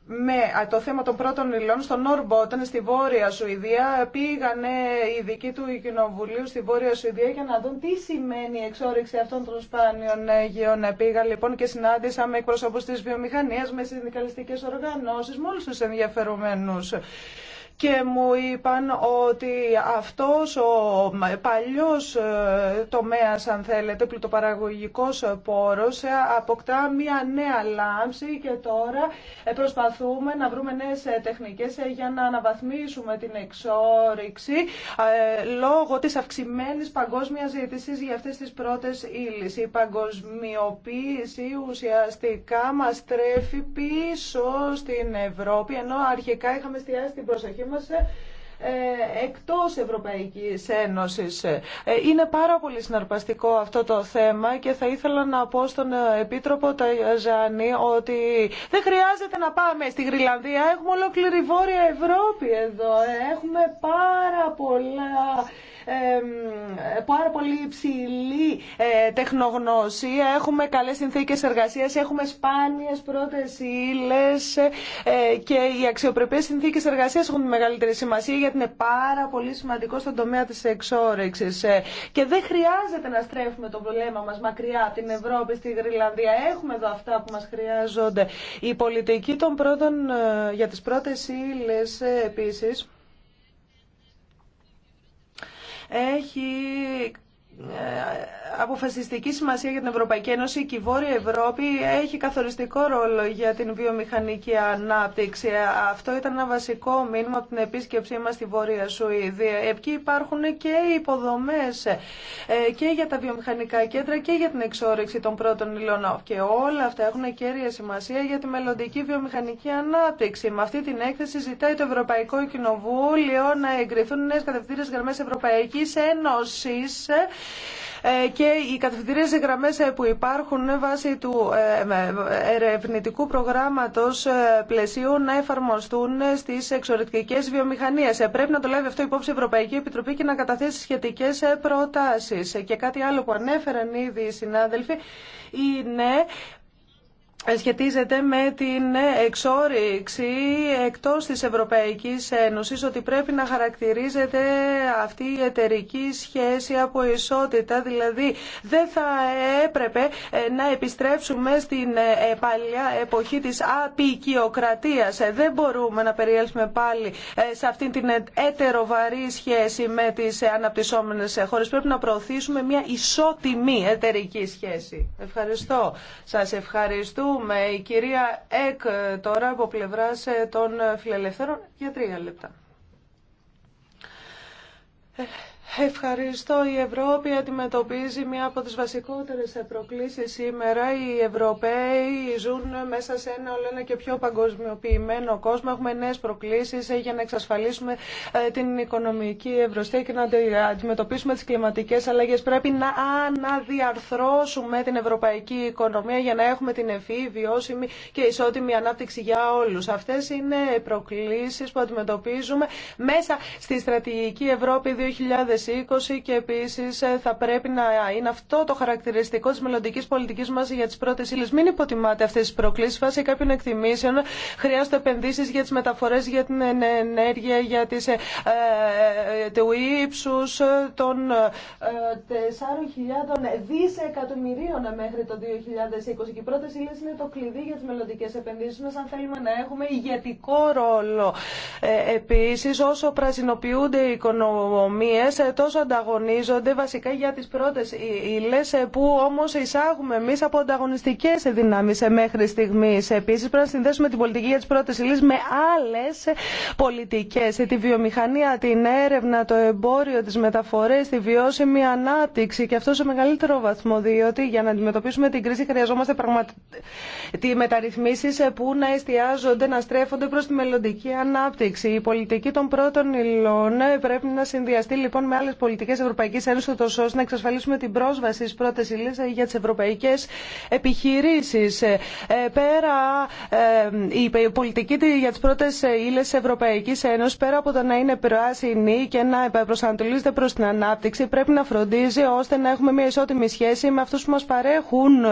με το θέμα των πρώτων υλών στον όταν στη Βόρεια Σουηδία. Πήγανε οι ειδικοί του Κοινοβουλίου στη Βόρεια Σουηδία για να δουν τι σημαίνει η εξόριξη αυτών των σπάνιων γεών. Πήγα λοιπόν και συνάντησα με εκπροσώπους της βιομηχανίας, με συνδικαλιστικές οργανώσεις, με όλους τους ενδιαφερομένους και μου είπαν ότι αυτός ο παλιός ε, τομέας, αν θέλετε, πλουτοπαραγωγικός πόρος ε, αποκτά μια νέα λάμψη και τώρα ε, προσπαθούμε να βρούμε νέες τεχνικές για να αναβαθμίσουμε την εξόριξη λόγω της αυξημένης παγκόσμιας ζήτησης για αυτές τις πρώτες ύλες. Η παγκοσμιοποίηση ουσιαστικά μας τρέφει πίσω στην Ευρώπη, ενώ αρχικά είχαμε εστιάσει την προσοχή είμαστε εκτός Ευρωπαϊκής Ένωσης. Ε, είναι πάρα πολύ συναρπαστικό αυτό το θέμα και θα ήθελα να πω στον ε, Επίτροπο ε, ότι δεν χρειάζεται να πάμε στη Γρυλανδία. Έχουμε ολόκληρη Βόρεια Ευρώπη εδώ. Έχουμε πάρα πολλά πάρα πολύ υψηλή ε, τεχνογνωσία, έχουμε καλές συνθήκες εργασίας, έχουμε σπάνιες πρώτες ύλες ε, ε, και οι αξιοπρεπές συνθήκες εργασίας έχουν μεγαλύτερη σημασία γιατί είναι πάρα πολύ σημαντικό στον τομέα της εξόρεξης. Και δεν χρειάζεται να στρέφουμε το βλέμμα μας μακριά από την Ευρώπη, στη Γρυλανδία. Έχουμε εδώ αυτά που μας χρειάζονται. Η πολιτική των πρώτων, για τις πρώτες ύλες επίσης, έχει ε, αποφασιστική σημασία για την Ευρωπαϊκή Ένωση και η Βόρεια Ευρώπη έχει καθοριστικό ρόλο για την βιομηχανική ανάπτυξη. Αυτό ήταν ένα βασικό μήνυμα από την επίσκεψή μας στη Βόρεια Σουηδία. Εκεί υπάρχουν και υποδομές ε, και για τα βιομηχανικά κέντρα και για την εξόρυξη των πρώτων υλών. Και όλα αυτά έχουν κέρια σημασία για τη μελλοντική βιομηχανική ανάπτυξη. Με αυτή την έκθεση ζητάει το Ευρωπαϊκό Κοινοβούλιο να εγκριθούν νέες κατευθύνσεις γραμμές Ευρωπαϊκής Ένωσης ε, ε, και οι κατευθυντήριες γραμμές ε, που υπάρχουν ε, βάσει του ερευνητικού προγράμματος πλαισίου να εφαρμοστούν στις εξωτερικές βιομηχανίες. Πρέπει να το λάβει αυτό υπόψη η Ευρωπαϊκή Επιτροπή και να καταθέσει σχετικές προτάσεις. Και κάτι άλλο που ανέφεραν ήδη οι συνάδελφοι είναι σχετίζεται με την εξόριξη εκτός της Ευρωπαϊκής Ένωσης ότι πρέπει να χαρακτηρίζεται αυτή η εταιρική σχέση από ισότητα. Δηλαδή δεν θα έπρεπε ε, να επιστρέψουμε στην ε, παλιά εποχή της απικιοκρατίας. Ε, δεν μπορούμε να περιέλθουμε πάλι σε αυτή την ετεροβαρή σχέση με τις αναπτυσσόμενες χώρες. Πρέπει να προωθήσουμε μια ισότιμη εταιρική σχέση. Ευχαριστώ. Σας ευχαριστώ δούμε. Η κυρία Εκ τώρα από πλευρά ε, των φιλελευθέρων για τρία λεπτά. Ε, Ευχαριστώ. Η Ευρώπη αντιμετωπίζει μία από τις βασικότερες προκλήσεις σήμερα. Οι Ευρωπαίοι ζουν μέσα σε ένα όλο ένα και πιο παγκοσμιοποιημένο κόσμο. Έχουμε νέες προκλήσεις ε, για να εξασφαλίσουμε ε, την οικονομική ευρωστία και να αντιμετωπίσουμε τις κλιματικές αλλαγές. Πρέπει να αναδιαρθρώσουμε την ευρωπαϊκή οικονομία για να έχουμε την ευφύ, βιώσιμη και ισότιμη ανάπτυξη για όλους. Αυτές είναι προκλήσεις που αντιμετωπίζουμε μέσα στη στρατηγική Ευρώπη 2020 και επίσης ε, θα πρέπει να είναι αυτό το χαρακτηριστικό της μελλοντική πολιτικής μας για τις πρώτες ύλες. Μην υποτιμάτε αυτές τις προκλήσεις βάσει κάποιων εκτιμήσεων. Χρειάζονται επενδύσεις για τις μεταφορές, για την ενέργεια, για τις, ε, ε του ύψου ε, των 4.000 δισεκατομμυρίων μέχρι το 2020 και οι πρώτες ύλες είναι το κλειδί για τις μελλοντικές επενδύσεις μας αν θέλουμε να έχουμε ηγετικό ρόλο. Ε, επίσης όσο πρασινοποιούνται οι οικονομίες τόσο ανταγωνίζονται βασικά για τις πρώτες ύλες ε, που όμως εισάγουμε εμείς από ανταγωνιστικές δυνάμεις ε, μέχρι στιγμής. Επίσης πρέπει να συνδέσουμε την πολιτική για τις πρώτες ύλες με άλλες πολιτικές, τη βιομηχανία, την έρευνα, το εμπόριο, τις μεταφορές, τη βιώσιμη ανάπτυξη και αυτό σε μεγαλύτερο βαθμό διότι για να αντιμετωπίσουμε την κρίση χρειαζόμαστε πραγματι... μεταρρυθμίσεις ε, που να εστιάζονται, να στρέφονται προς τη μελλοντική ανάπτυξη. Η πολιτική των πρώτων υλών πρέπει να συνδυαστεί λοιπόν με άλλε πολιτικέ Ευρωπαϊκή Ένωση, ώστε να εξασφαλίσουμε την πρόσβαση στι πρώτε ύλε ε, για τι ευρωπαϊκέ επιχειρήσει. Ε, ε, πέρα η πολιτική για τι πρώτε ύλε Ευρωπαϊκή Ένωση, πέρα από το να είναι πράσινη και να προσανατολίζεται προ την ανάπτυξη, πρέπει να φροντίζει ώστε να έχουμε μια ισότιμη σχέση με αυτού που μα παρέχουν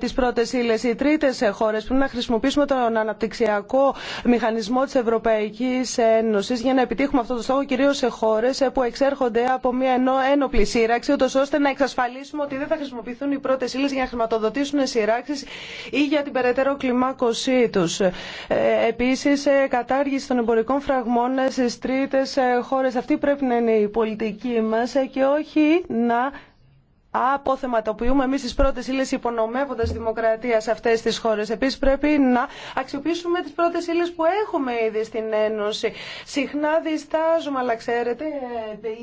τι πρώτε ύλε. Οι τρίτε χώρε πρέπει να χρησιμοποιήσουμε τον αναπτυξιακό μηχανισμό τη Ευρωπαϊκή Ένωση για να επιτύχουμε αυτό το στόχο, κυρίω σε χώρε που εξέρχονται από μια ένοπλη σύραξη, ούτω ώστε να εξασφαλίσουμε ότι δεν θα χρησιμοποιηθούν οι πρώτε ύλε για να χρηματοδοτήσουν σειράξει ή για την περαιτέρω κλιμάκωσή του. Ε, Επίση, ε, κατάργηση των εμπορικών φραγμών ε, στι τρίτε χώρε. Αυτή πρέπει να είναι η πολιτική μα και όχι να αποθεματοποιούμε εμεί τι πρώτε ύλε υπονομεύοντα τη δημοκρατία σε αυτέ τι χώρε. Επίση πρέπει να αξιοποιήσουμε τι πρώτε ύλε που έχουμε ήδη στην Ένωση. Συχνά διστάζουμε, αλλά ξέρετε,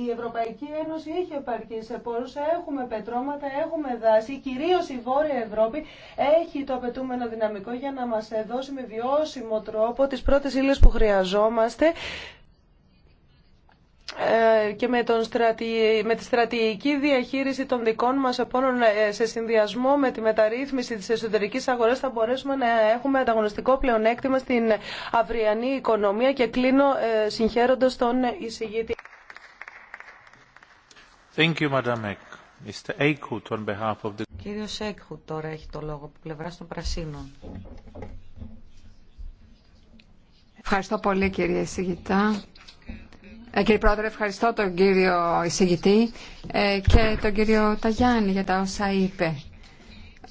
η Ευρωπαϊκή Ένωση έχει επαρκή σε πόρου. Έχουμε πετρώματα, έχουμε δάση. Κυρίω η Βόρεια Ευρώπη έχει το απαιτούμενο δυναμικό για να μα δώσει με βιώσιμο τρόπο τι πρώτε ύλε που χρειαζόμαστε ε, και με, τον στρατη... με τη στρατηγική διαχείριση των δικών μας επόνων ε, σε συνδυασμό με τη μεταρρύθμιση της εσωτερικής αγοράς θα μπορέσουμε να έχουμε ανταγωνιστικό πλεονέκτημα στην αυριανή οικονομία και κλείνω ε, συγχαίροντας τον εισηγήτη. Thank you, Madam Mr. on behalf of the... Κύριος τώρα έχει το λόγο από πλευρά των Πρασίνων. Ευχαριστώ πολύ κύριε εισηγητά. Ε, κύριε Πρόεδρε, ευχαριστώ τον κύριο εισηγητή ε, και τον κύριο Ταγιάννη για τα όσα είπε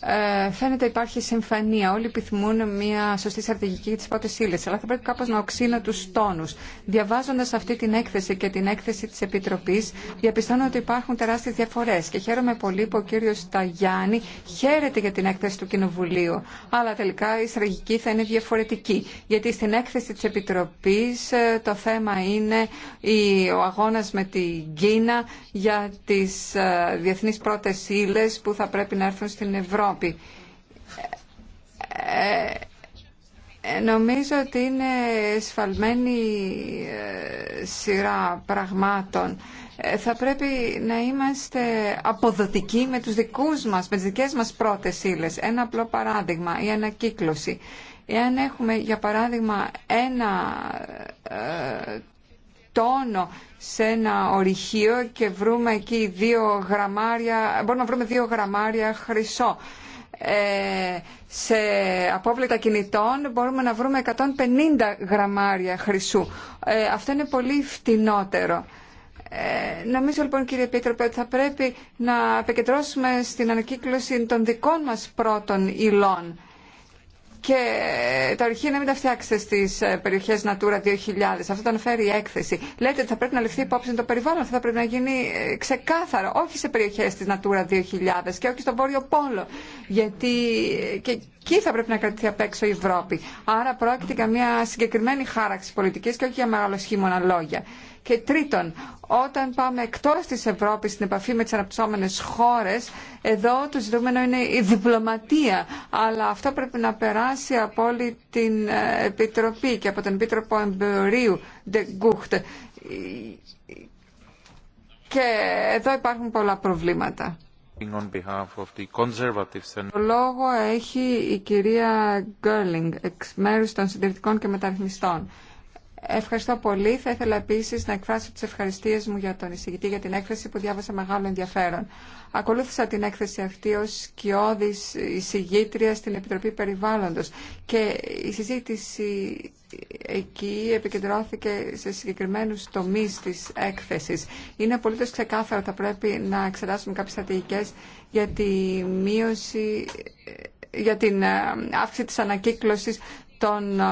ε, φαίνεται υπάρχει συμφωνία. Όλοι επιθυμούν μια σωστή στρατηγική για τι πρώτε ύλε, αλλά θα πρέπει κάπω να οξύνω του τόνου. Διαβάζοντα αυτή την έκθεση και την έκθεση τη Επιτροπή, διαπιστώνω ότι υπάρχουν τεράστιε διαφορέ και χαίρομαι πολύ που ο κύριο Ταγιάννη χαίρεται για την έκθεση του Κοινοβουλίου. Αλλά τελικά η στρατηγική θα είναι διαφορετική, γιατί στην έκθεση τη Επιτροπή ε, το θέμα είναι ο αγώνα με την Κίνα για τι ε, διεθνεί πρώτε ύλε που θα πρέπει να έρθουν στην Ευρώπη. Ευρώπη. Ε, ε, νομίζω ότι είναι σφαλμένη ε, σειρά πραγμάτων. Θα πρέπει να είμαστε αποδοτικοί με τους δικούς μας, με τις δικές μας πρώτες ύλες. Ένα απλό παράδειγμα, η ανακύκλωση. Εάν έχουμε, για παράδειγμα, ένα τόνο σε ένα ορυχείο και βρούμε εκεί δύο γραμμάρια, μπορούμε να βρούμε δύο γραμμάρια χρυσό. Ε, σε απόβλητα κινητών μπορούμε να βρούμε 150 γραμμάρια χρυσού. Ε, αυτό είναι πολύ φτηνότερο. Ε, νομίζω λοιπόν κύριε Επίτροπε ότι θα πρέπει να επικεντρώσουμε στην ανακύκλωση των δικών μας πρώτων υλών και τα ορυχεία να μην τα φτιάξετε στι ε, περιοχέ Natura 2000. Αυτό το αναφέρει η έκθεση. Λέτε ότι θα πρέπει να ληφθεί υπόψη το περιβάλλον, αυτό θα πρέπει να γίνει ε, ξεκάθαρο, όχι σε περιοχέ τη Natura 2000 και όχι στον Βόρειο Πόλο. Γιατί ε, και εκεί θα πρέπει να κρατηθεί απ' έξω η Ευρώπη. Άρα πρόκειται για μια συγκεκριμένη χάραξη πολιτική και όχι για μεγάλο λόγια. Και τρίτον, όταν πάμε εκτός της Ευρώπης στην επαφή με τις αναπτυσσόμενες χώρες, εδώ το ζητούμενο είναι η διπλωματία. Αλλά αυτό πρέπει να περάσει από όλη την ε, Επιτροπή και από τον Επίτροπο Εμπειρίου, Και εδώ υπάρχουν πολλά προβλήματα. Το λόγο έχει η κυρία Γκέρλινγκ, εξ μέρους των συντηρητικών και μεταρρυθμιστών. Ευχαριστώ πολύ. Θα ήθελα επίση να εκφράσω τι ευχαριστίε μου για τον εισηγητή για την έκθεση που διάβασα μεγάλο ενδιαφέρον. Ακολούθησα την έκθεση αυτή ω σκιώδη εισηγήτρια στην Επιτροπή Περιβάλλοντο και η συζήτηση εκεί επικεντρώθηκε σε συγκεκριμένου τομεί τη έκθεση. Είναι απολύτω ξεκάθαρο θα πρέπει να εξετάσουμε κάποιε στρατηγικέ για τη μείωση για την ε, αύξηση της ανακύκλωσης των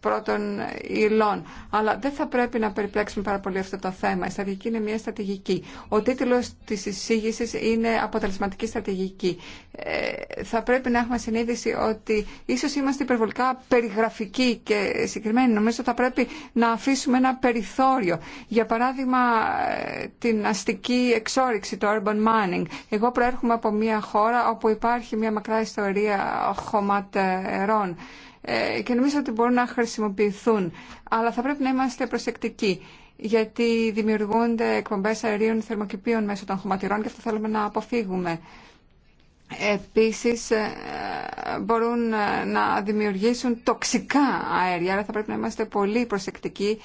πρώτων υλών. Αλλά δεν θα πρέπει να περιπλέξουμε πάρα πολύ αυτό το θέμα. Η στρατηγική είναι μια στρατηγική. Ο τίτλο τη εισήγηση είναι αποτελεσματική στρατηγική. Ε, θα πρέπει να έχουμε συνείδηση ότι ίσω είμαστε υπερβολικά περιγραφικοί και συγκεκριμένοι. Νομίζω ότι θα πρέπει να αφήσουμε ένα περιθώριο. Για παράδειγμα, ε, την αστική εξόριξη, το urban mining. Εγώ προέρχομαι από μια χώρα όπου υπάρχει μια μακρά ιστορία χωματων ε, ε, και νομίζω ότι μπορούν να χρησιμοποιηθούν. Αλλά θα πρέπει να είμαστε προσεκτικοί γιατί δημιουργούνται εκπομπές αερίων θερμοκηπίων μέσω των χωματιρών και αυτό θέλουμε να αποφύγουμε. Επίσης ε, μπορούν ε, να δημιουργήσουν τοξικά αέρια, αλλά θα πρέπει να είμαστε πολύ προσεκτικοί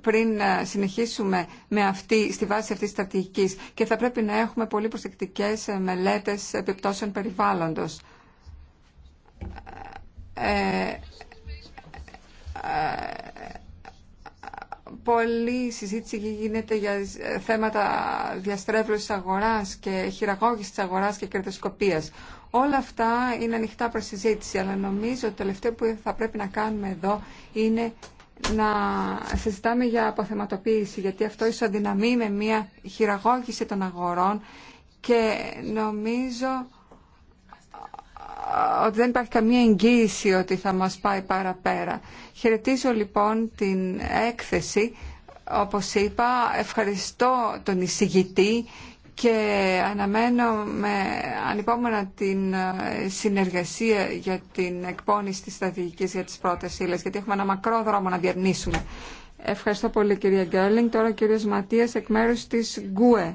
πριν συνεχίσουμε με αυτή, στη βάση αυτής της στρατηγικής και θα πρέπει να έχουμε πολύ προσεκτικές μελέτες επιπτώσεων περιβάλλοντος. Ε, ε, πολλή συζήτηση γίνεται για ε, θέματα διαστρέβλωσης αγοράς και χειραγώγηση της αγοράς και κερδοσκοπίας. Όλα αυτά είναι ανοιχτά προς συζήτηση, αλλά νομίζω ότι το τελευταίο που θα πρέπει να κάνουμε εδώ είναι να συζητάμε για αποθεματοποίηση, γιατί αυτό ισοδυναμεί με μια χειραγώγηση των αγορών και νομίζω ότι δεν υπάρχει καμία εγγύηση ότι θα μας πάει παραπέρα. Χαιρετίζω λοιπόν την έκθεση. Όπως είπα, ευχαριστώ τον εισηγητή και αναμένω με ανυπόμονα την ε, συνεργασία για την εκπόνηση της στρατηγικής για τις πρώτες ύλες, γιατί έχουμε ένα μακρό δρόμο να διαρνήσουμε. Ευχαριστώ πολύ κυρία Γκέρλινγκ. Τώρα ο κύριος Ματίας εκ μέρους της ΓΚΟΕ.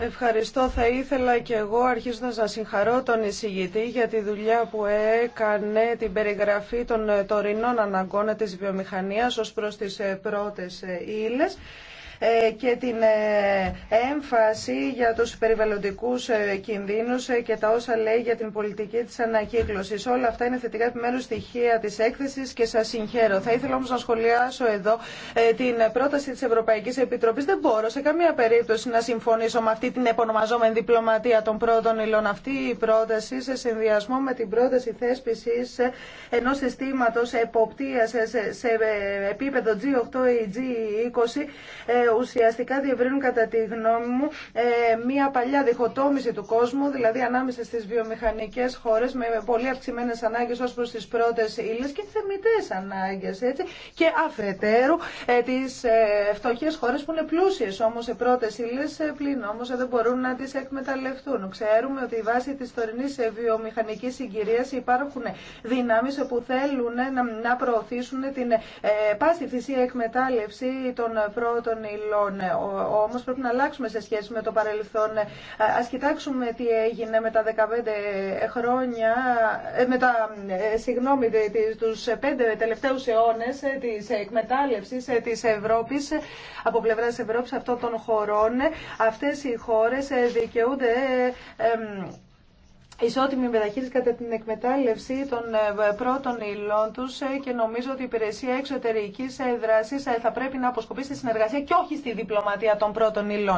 Ευχαριστώ. Θα ήθελα και εγώ αρχίζοντας να συγχαρώ τον εισηγητή για τη δουλειά που έκανε την περιγραφή των τωρινών αναγκών της βιομηχανίας ως προς τις ε, πρώτες ε, ύλες. Ε, και την ε, έμφαση για τους περιβαλλοντικούς ε, κινδύνους και τα όσα λέει για την πολιτική της ανακύκλωσης. Όλα αυτά είναι θετικά επιμέρους στοιχεία της έκθεσης και σας συγχαίρω. Θα ήθελα όμως να σχολιάσω εδώ την πρόταση της Ευρωπαϊκής Επιτροπής. Δεν μπορώ σε καμία περίπτωση να συμφωνήσω με αυτή την επωνομαζόμενη διπλωματία των πρώτων υλών. Αυτή η πρόταση σε συνδυασμό με την πρόταση θέσπισης ενός συστήματος εποπτείας σε επίπεδο G8 ή G20 ουσιαστικά διευρύνουν κατά τη γνώμη μου ε, μια παλιά διχοτόμηση του κόσμου, δηλαδή ανάμεσα στις βιομηχανικές χώρες με πολύ αυξημένες ανάγκες ω προς τις πρώτες ύλες και θεμητές ανάγκες έτσι και αφετέρου ε, τις ε, φτωχές χώρες που είναι πλούσιες όμως σε πρώτες ύλες πλην όμως δεν μπορούν να τις εκμεταλλευτούν. Ξέρουμε ότι η βάσει της τωρινής βιομηχανικής συγκυρίας υπάρχουν δυνάμεις που θέλουν να προωθήσουν την πάση θυσία εκμετάλλευση των πρώτων Όμω Όμως πρέπει να αλλάξουμε σε σχέση με το παρελθόν. Ας κοιτάξουμε τι έγινε με τα 15 χρόνια, ε, με τα, ε, συγγνώμη, τους πέντε τελευταίους αιώνες ε, της εκμετάλλευσης τη Ευρώπης από πλευρά της Ευρώπης αυτών των χωρών. Αυτές οι χώρες δικαιούνται ισότιμη μεταχείριση κατά την εκμετάλλευση των ε, πρώτων υλών του ε, και νομίζω ότι η υπηρεσία εξωτερική ε, δράση θα πρέπει να αποσκοπεί στη συνεργασία και όχι στη διπλωματία των πρώτων υλών.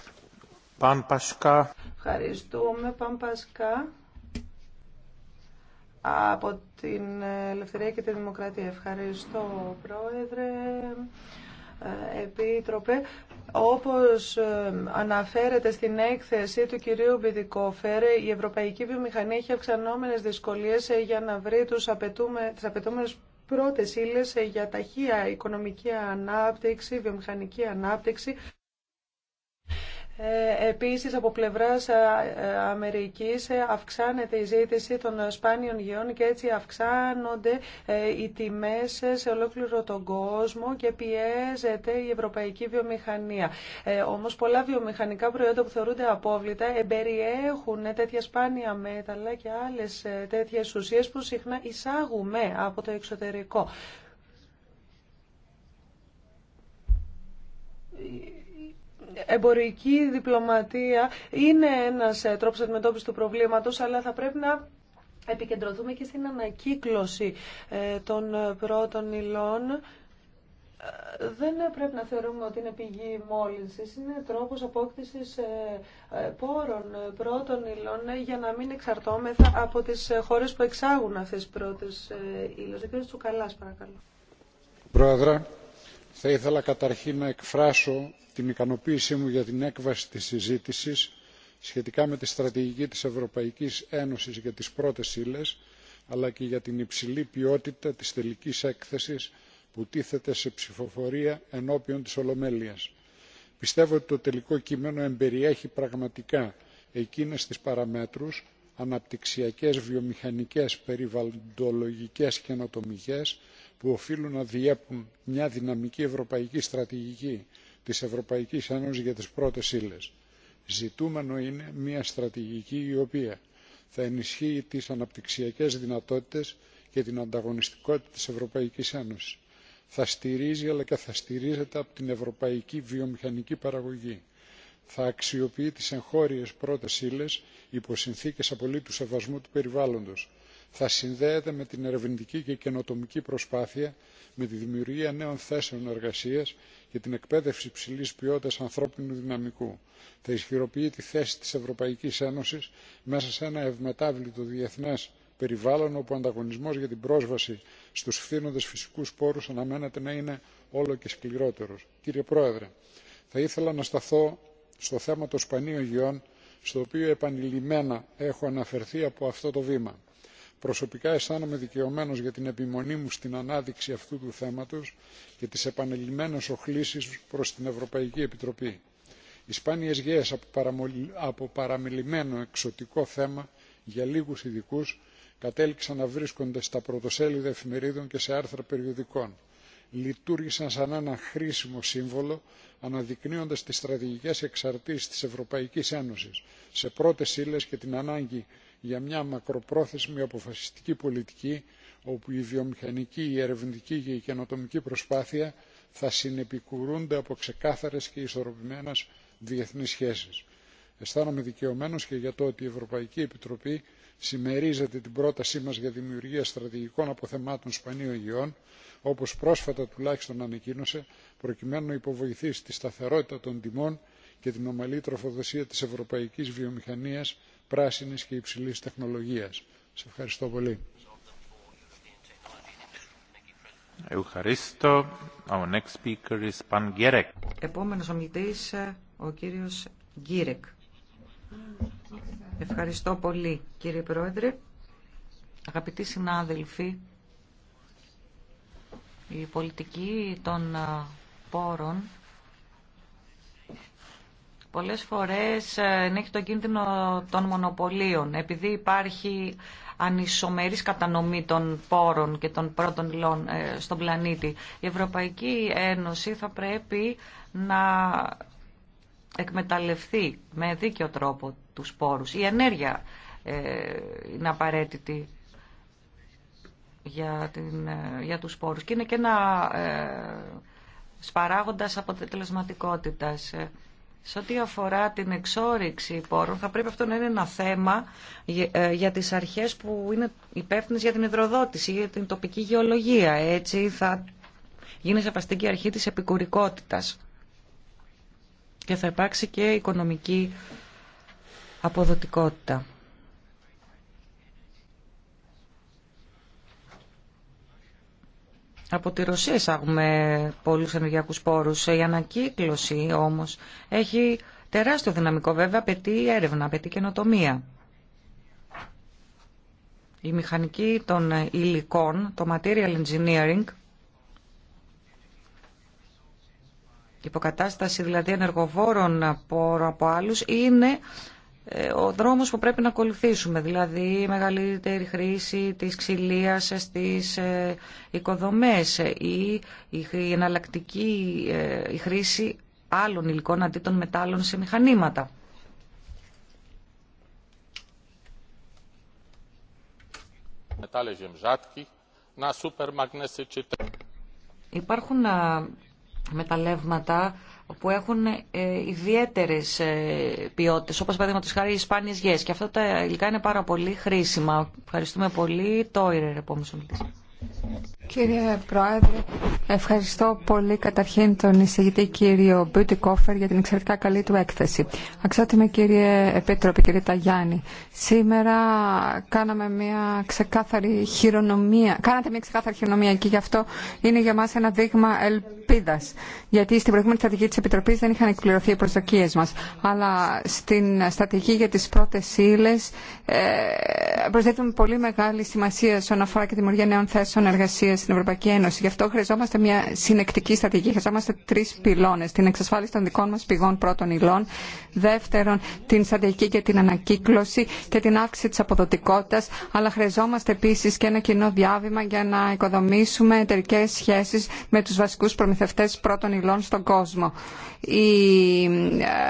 Πασκά. Ευχαριστούμε, Παμπασκά. Από την Ελευθερία και τη Δημοκρατία. Ευχαριστώ, Πρόεδρε. Επίτροπε, όπως ε, αναφέρεται στην έκθεση του κυρίου Βιδικόφερε, η ευρωπαϊκή βιομηχανία έχει αυξανόμενες δυσκολίες ε, για να βρει τους απαιτούμε, τις απαιτούμενες πρώτες ύλες ε, για ταχεία οικονομική ανάπτυξη, βιομηχανική ανάπτυξη. Ε, επίσης, από πλευράς ε, ε, Αμερικής αυξάνεται η ζήτηση των σπάνιων γεών και έτσι αυξάνονται οι τιμές σε ολόκληρο τον κόσμο και πιέζεται η ευρωπαϊκή βιομηχανία. Όμως πολλά βιομηχανικά προϊόντα που θεωρούνται απόβλητα εμπεριέχουν τέτοια σπάνια μέταλλα και άλλες τέτοιες ουσίες που συχνά εισάγουμε από το εξωτερικό εμπορική διπλωματία είναι ένας ε, τρόπος αντιμετώπισης του προβλήματος, αλλά θα πρέπει να επικεντρωθούμε και στην ανακύκλωση ε, των πρώτων υλών. Ε, δεν πρέπει να θεωρούμε ότι είναι πηγή μόλυνσης, είναι τρόπος απόκτησης πόρων πρώτων υλών για να μην εξαρτώμεθα από τις χώρες που εξάγουν αυτές τις πρώτες ύλες. Ο κ. παρακαλώ. Πρόεδρε, θα ήθελα καταρχήν να εκφράσω την ικανοποίησή μου για την έκβαση της συζήτησης σχετικά με τη στρατηγική της ευρωπαϊκής ένωσης για τις πρώτες ύλες αλλά και για την υψηλή ποιότητα της τελικής έκθεσης που τίθεται σε ψηφοφορία ενώπιον της ολομέλειας. πιστεύω ότι το τελικό κείμενο εμπεριέχει πραγματικά εκείνες τις παραμέτρους αναπτυξιακές βιομηχανικές περιβαλλοντολογικές και ανατομικές που οφείλουν να διέπουν μια δυναμική ευρωπαϊκή στρατηγική της Ευρωπαϊκής Ένωσης για τις πρώτες ύλε. Ζητούμενο είναι μια στρατηγική η οποία θα ενισχύει τις αναπτυξιακές δυνατότητες και την ανταγωνιστικότητα της Ευρωπαϊκής Ένωσης. Θα στηρίζει αλλά και θα στηρίζεται από την ευρωπαϊκή βιομηχανική παραγωγή. Θα αξιοποιεί τις εγχώριες πρώτες ύλες υπό συνθήκες απολύτου σεβασμού του περιβάλλοντος θα συνδέεται με την ερευνητική και καινοτομική προσπάθεια με τη δημιουργία νέων θέσεων εργασία και την εκπαίδευση υψηλή ποιότητα ανθρώπινου δυναμικού. θα ισχυροποιεί τη θέση τη ευρωπαϊκή ένωση μέσα σε ένα ευμετάβλητο διεθνέ περιβάλλον όπου ο ανταγωνισμό για την πρόσβαση στου φθήνοντε φυσικού πόρου αναμένεται να είναι όλο και σκληρότερο. κύριε πρόεδρε θα ήθελα να σταθώ στο θέμα των σπανίων υγειών στο οποίο επανειλημμένα έχω αναφερθεί από αυτό το βήμα προσωπικά αισθάνομαι δικαιωμένο για την επιμονή μου στην ανάδειξη αυτού του θέματος και τις επανειλημμένες οχλήσεις προς την ευρωπαϊκή επιτροπή. οι σπάνιε γέες από παραμελημένο εξωτικό θέμα για λίγους ειδικού κατέληξαν να βρίσκονται στα πρωτοσέλιδα εφημερίδων και σε άρθρα περιοδικών. λειτουργήσαν σαν ένα χρήσιμο σύμβολο αναδεικνύοντα τι στρατηγικέ εξαρτήσεις τη Ευρωπαϊκή Ένωση σε πρώτε ύλε και την ανάγκη για μια μακροπρόθεσμη αποφασιστική πολιτική όπου η βιομηχανική, η ερευνητική και η καινοτομική προσπάθεια θα συνεπικουρούνται από ξεκάθαρες και ισορροπημένες διεθνείς σχέσεις. Αισθάνομαι δικαιωμένος και για το ότι η Ευρωπαϊκή Επιτροπή συμμερίζεται την πρότασή μας για δημιουργία στρατηγικών αποθεμάτων σπανίων υγειών, όπως πρόσφατα τουλάχιστον ανακοίνωσε, προκειμένου να υποβοηθήσει τη σταθερότητα των τιμών και την ομαλή τροφοδοσία τη Ευρωπαϊκή Βιομηχανία πράσινης και υψηλής τεχνολογίας. Σε ευχαριστώ πολύ. Ευχαριστώ. Ο next Επόμενος ομιλητής, ο κύριος Γκίρεκ. Ευχαριστώ πολύ, κύριε Πρόεδρε. Αγαπητοί συνάδελφοι, η πολιτική των ε, πόρων Πολλές φορές ε, έχει το κίνδυνο των μονοπωλίων, επειδή υπάρχει ανισομερής κατανομή των πόρων και των πρώτων υλών ε, στον πλανήτη. Η Ευρωπαϊκή Ένωση θα πρέπει να εκμεταλλευτεί με δίκιο τρόπο τους πόρους. Η ενέργεια ε, είναι απαραίτητη για, την, για τους πόρους και είναι και ένα ε, σπαράγοντας αποτελεσματικότητας. Σε ό,τι αφορά την εξόριξη πόρων, θα πρέπει αυτό να είναι ένα θέμα ε, για τις αρχές που είναι υπεύθυνες για την υδροδότηση, για την τοπική γεωλογία. Έτσι θα γίνει σεβαστική αρχή της επικουρικότητας και θα υπάρξει και οικονομική αποδοτικότητα. Από τη Ρωσία εισάγουμε πολλούς ενεργειακούς πόρους. Η ανακύκλωση όμως έχει τεράστιο δυναμικό. Βέβαια απαιτεί έρευνα, απαιτεί καινοτομία. Η μηχανική των υλικών, το material engineering, η υποκατάσταση δηλαδή ενεργοβόρων από άλλους είναι ε, ο δρόμος που πρέπει να ακολουθήσουμε, δηλαδή η μεγαλύτερη χρήση της ξυλίας στις ε, οικοδομές ή η εναλλακτική ε, η χρήση άλλων υλικών αντί των μετάλλων σε μηχανήματα. Υπάρχουν μεταλλεύματα που έχουν ε, ιδιαίτερε ποιότητε, όπω παραδείγματο χάρη οι σπάνιε Και αυτά τα υλικά είναι πάρα πολύ χρήσιμα. Ευχαριστούμε πολύ. Τόιρερ, επόμενο ομιλητή. Κύριε Πρόεδρε, ευχαριστώ πολύ καταρχήν τον εισηγητή κύριο Μπιούτι Κόφερ για την εξαιρετικά καλή του έκθεση. Αξιότιμε κύριε Επίτροπε, κύριε Ταγιάννη, σήμερα κάναμε μια ξεκάθαρη χειρονομία, κάνατε μια ξεκάθαρη χειρονομία και γι' αυτό είναι για μας ένα δείγμα ελπίδας. Γιατί στην προηγούμενη στρατηγική της Επιτροπής δεν είχαν εκπληρωθεί οι προσδοκίες μας. Αλλά στην στρατηγική για τις πρώτες ύλε ε, προσδίδουμε πολύ μεγάλη σημασία στον αφορά και τη δημιουργία νέων θέσεων εργασία στην Ευρωπαϊκή Ένωση. Γι' αυτό χρειαζόμαστε μια συνεκτική στρατηγική. Χρειαζόμαστε τρει πυλώνε. Την εξασφάλιση των δικών μα πηγών πρώτων υλών. Δεύτερον, την στρατηγική για την ανακύκλωση και την αύξηση τη αποδοτικότητα. Αλλά χρειαζόμαστε επίση και ένα κοινό διάβημα για να οικοδομήσουμε εταιρικέ σχέσει με του βασικού προμηθευτέ πρώτων υλών στον κόσμο. Οι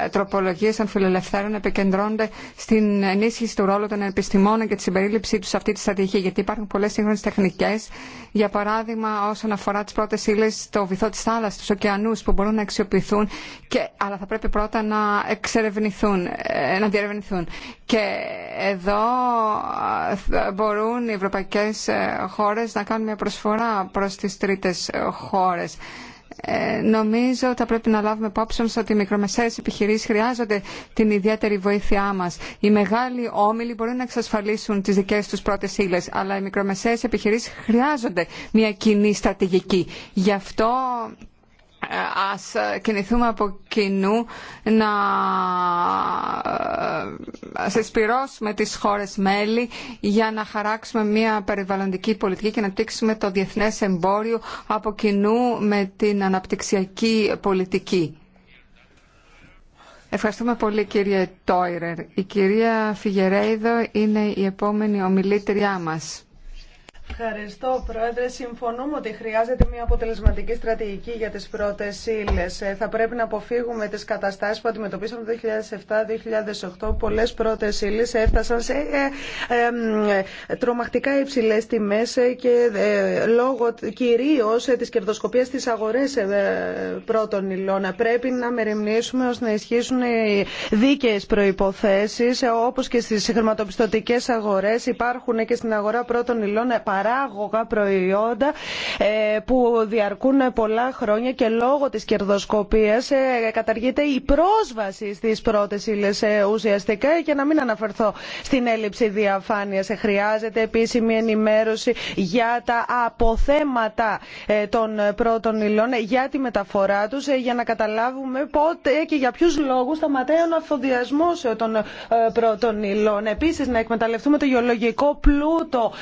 ε, τροπολογίε των φιλελευθέρων επικεντρώνονται στην ενίσχυση του ρόλου των επιστημόνων και τη συμπερίληψή του σε αυτή τη στρατηγική. Γιατί υπάρχουν πολλέ σύγχρονε τεχνικέ, για παράδειγμα όσον αφορά τι πρώτε ύλε στο βυθό της θάλασσας, του ωκεανούς που μπορούν να αξιοποιηθούν, και, αλλά θα πρέπει πρώτα να εξερευνηθούν, ε, να διερευνηθούν. Και εδώ ε, μπορούν οι ευρωπαϊκές ε, χώρες να κάνουν μια προσφορά προς τις τρίτε χώρες. Ε, νομίζω ότι θα πρέπει να λάβουμε υπόψη μας ότι οι μικρομεσαίες επιχειρήσεις χρειάζονται την ιδιαίτερη βοήθειά μας. Οι μεγάλοι όμιλοι μπορεί να εξασφαλίσουν τις δικές τους πρώτες ύλε, αλλά οι μικρομεσαίες επιχειρήσεις χρειάζονται μια κοινή στρατηγική. Γι' αυτό ας κινηθούμε από κοινού να ε, συσπυρώσουμε τις χώρες μέλη για να χαράξουμε μια περιβαλλοντική πολιτική και να πτύξουμε το διεθνές εμπόριο από κοινού με την αναπτυξιακή πολιτική. Ευχαριστούμε πολύ κύριε Τόιρερ. Η κυρία Φιγερέιδο είναι η επόμενη ομιλήτριά μας. Ευχαριστώ, Πρόεδρε. Συμφωνούμε ότι χρειάζεται μια αποτελεσματική στρατηγική για τι πρώτε ύλε. Ε, θα πρέπει να αποφύγουμε τι καταστάσει που αντιμετωπίσαμε το 2007-2008. Πολλέ πρώτε ύλε έφτασαν σε ε, ε, τρομακτικά υψηλέ τιμέ και λόγω κυρίω τη κερδοσκοπία στι αγορέ πρώτων υλών. Πρέπει να μεριμνήσουμε ώστε να ισχύσουν οι δίκαιε προποθέσει, όπω και στι χρηματοπιστωτικέ αγορέ. Υπάρχουν και στην αγορά πρώτων υλών παράγωγα προϊόντα ε, που διαρκούν πολλά χρόνια και λόγω της κερδοσκοπίας ε, καταργείται η πρόσβαση στις πρώτες ύλες ε, ουσιαστικά και να μην αναφερθώ στην έλλειψη διαφάνειας. Χρειάζεται επίσημη ενημέρωση για τα αποθέματα των πρώτων υλών, για τη μεταφορά τους, για να καταλάβουμε πότε και για ποιους λόγους σταματάει ο αφοδιασμός των πρώτων υλών. Επίσης να εκμεταλλευτούμε το γεωλογικό πλούτο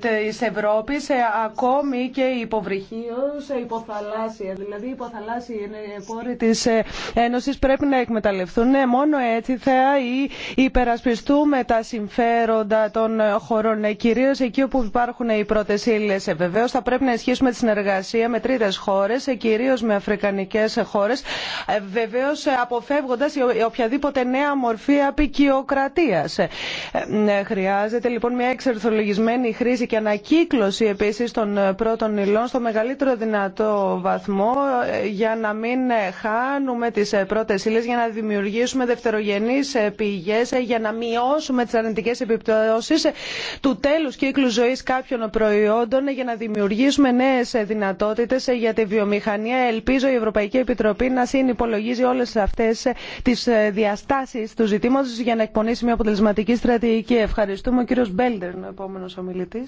της Ευρώπης ε, ακόμη και υποβρυχίως, υποθαλάσσια. Δηλαδή οι υποθαλάσσιοι πόροι της ε, Ένωσης πρέπει να εκμεταλλευτούν. Ναι, μόνο έτσι θα υπερασπιστούμε τα συμφέροντα των χωρών, ναι, κυρίως εκεί όπου υπάρχουν οι πρώτες ύλες. Ε, βεβαίως θα πρέπει να ισχύσουμε τη συνεργασία με τρίτες χώρες, κυρίως με αφρικανικές χώρες, βεβαίως αποφεύγοντας οποιαδήποτε νέα μορφή απεικιοκρατίας. Χρειάζεται λοιπόν μια εξερθολογισμένη χρήση και ανακύκλωση επίσης των ε, πρώτων υλών στο μεγαλύτερο δυνατό βαθμό ε, για να μην ε, χάνουμε τις πρώτες ύλες, για να δημιουργήσουμε δευτερογενείς πηγές, για να μειώσουμε τις αρνητικές επιπτώσεις του τέλους κύκλου ζωής κάποιων προϊόντων, για να δημιουργήσουμε νέες δυνατότητες για τη βιομηχανία. Ελπίζω η Ευρωπαϊκή Επιτροπή να συνυπολογίζει όλες αυτές τις διαστάσεις του ζητήματος για να εκπονήσει μια αποτελεσματική στρατηγική. Ευχαριστούμε ο κύριος Μπέλντερν, ο επόμενος ομιλητής.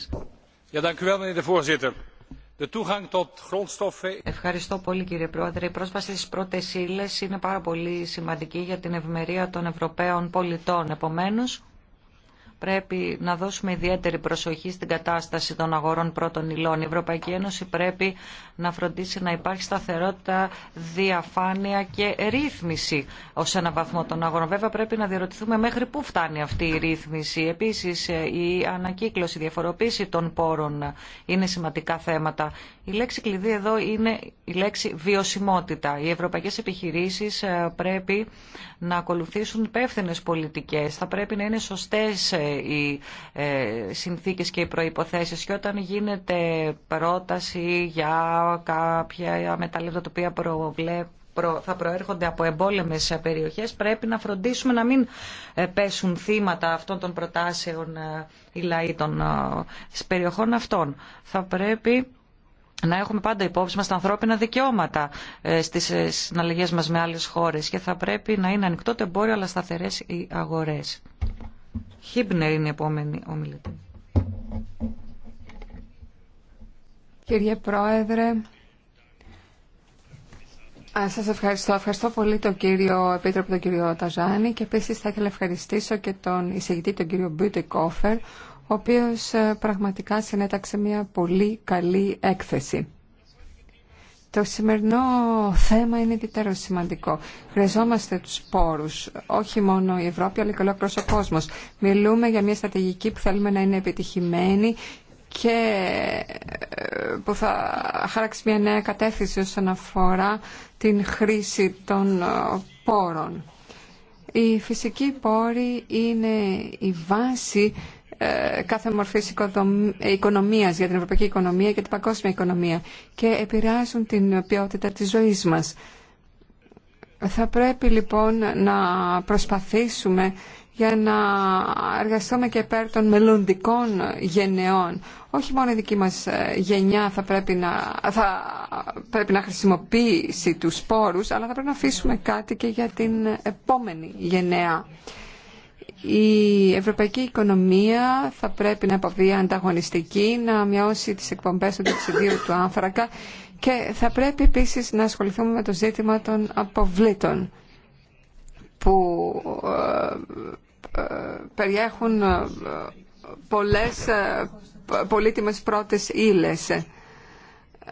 Ευχαριστώ πολύ κύριε Πρόεδρε. Η πρόσβαση στις πρώτες ύλες είναι πάρα πολύ σημαντική για την ευμερία των Ευρωπαίων πολιτών. Επομένως, πρέπει να δώσουμε ιδιαίτερη προσοχή στην κατάσταση των αγορών πρώτων υλών. Η Ευρωπαϊκή Ένωση πρέπει να φροντίσει να υπάρχει σταθερότητα, διαφάνεια και ρύθμιση ω ένα βαθμό των αγορών. Βέβαια, πρέπει να διαρωτηθούμε μέχρι πού φτάνει αυτή η ρύθμιση. Επίση, η ανακύκλωση, η διαφοροποίηση των πόρων είναι σημαντικά θέματα. Η λέξη κλειδί εδώ είναι η λέξη βιωσιμότητα. Οι ευρωπαϊκέ επιχειρήσει ε, πρέπει να ακολουθήσουν υπεύθυνε πολιτικέ. Θα πρέπει να είναι σωστέ ε, οι ε, συνθήκες και οι προϋποθέσεις και όταν γίνεται πρόταση για κάποια μεταλλεύματα τα οποία θα προέρχονται από εμπόλεμες περιοχές πρέπει να φροντίσουμε να μην ε, πέσουν θύματα αυτών των προτάσεων ε, οι λαοί των περιοχών αυτών. Θα πρέπει να έχουμε πάντα υπόψη μας τα ανθρώπινα δικαιώματα στις συναλλαγές μας με άλλες χώρες και θα πρέπει να είναι ανοιχτό το εμπόριο αλλά σταθερές οι αγορές. Χίμπνερ είναι η επόμενη ομιλητή. Κύριε Πρόεδρε, σας ευχαριστώ. Ευχαριστώ πολύ τον κύριο Επίτροπο, τον κύριο Ταζάνη και επίσης θα ήθελα ευχαριστήσω και τον εισηγητή, τον κύριο Μπιούτε Κόφερ, ο οποίος ε, πραγματικά συνέταξε μια πολύ καλή έκθεση. Το σημερινό θέμα είναι ιδιαίτερα σημαντικό. Χρειαζόμαστε τους πόρους, όχι μόνο η Ευρώπη, αλλά και ολόκληρος ο κόσμος. Μιλούμε για μια στρατηγική που θέλουμε να είναι επιτυχημένη και ε, που θα χαράξει μια νέα κατεύθυνση όσον αφορά την χρήση των ε, πόρων. Οι φυσικοί πόροι είναι η βάση ε, κάθε μορφής οικονομίας για την ευρωπαϊκή οικονομία και την παγκόσμια οικονομία και επηρεάζουν την ποιότητα της ζωής μας. Θα πρέπει λοιπόν να προσπαθήσουμε για να εργαστούμε και υπέρ των μελλοντικών γενεών. Όχι μόνο η δική μας ε, γενιά θα πρέπει να, θα πρέπει να χρησιμοποιήσει τους σπόρους, αλλά θα πρέπει να αφήσουμε κάτι και για την επόμενη γενεά η ευρωπαϊκή οικονομία θα πρέπει να αποβεί ανταγωνιστική, να μειώσει τις εκπομπές του του άνθρακα και θα πρέπει επίσης να ασχοληθούμε με το ζήτημα των αποβλήτων που ε, ε, περιέχουν ε, πολλές πολύτιμες πρώτες ύλες.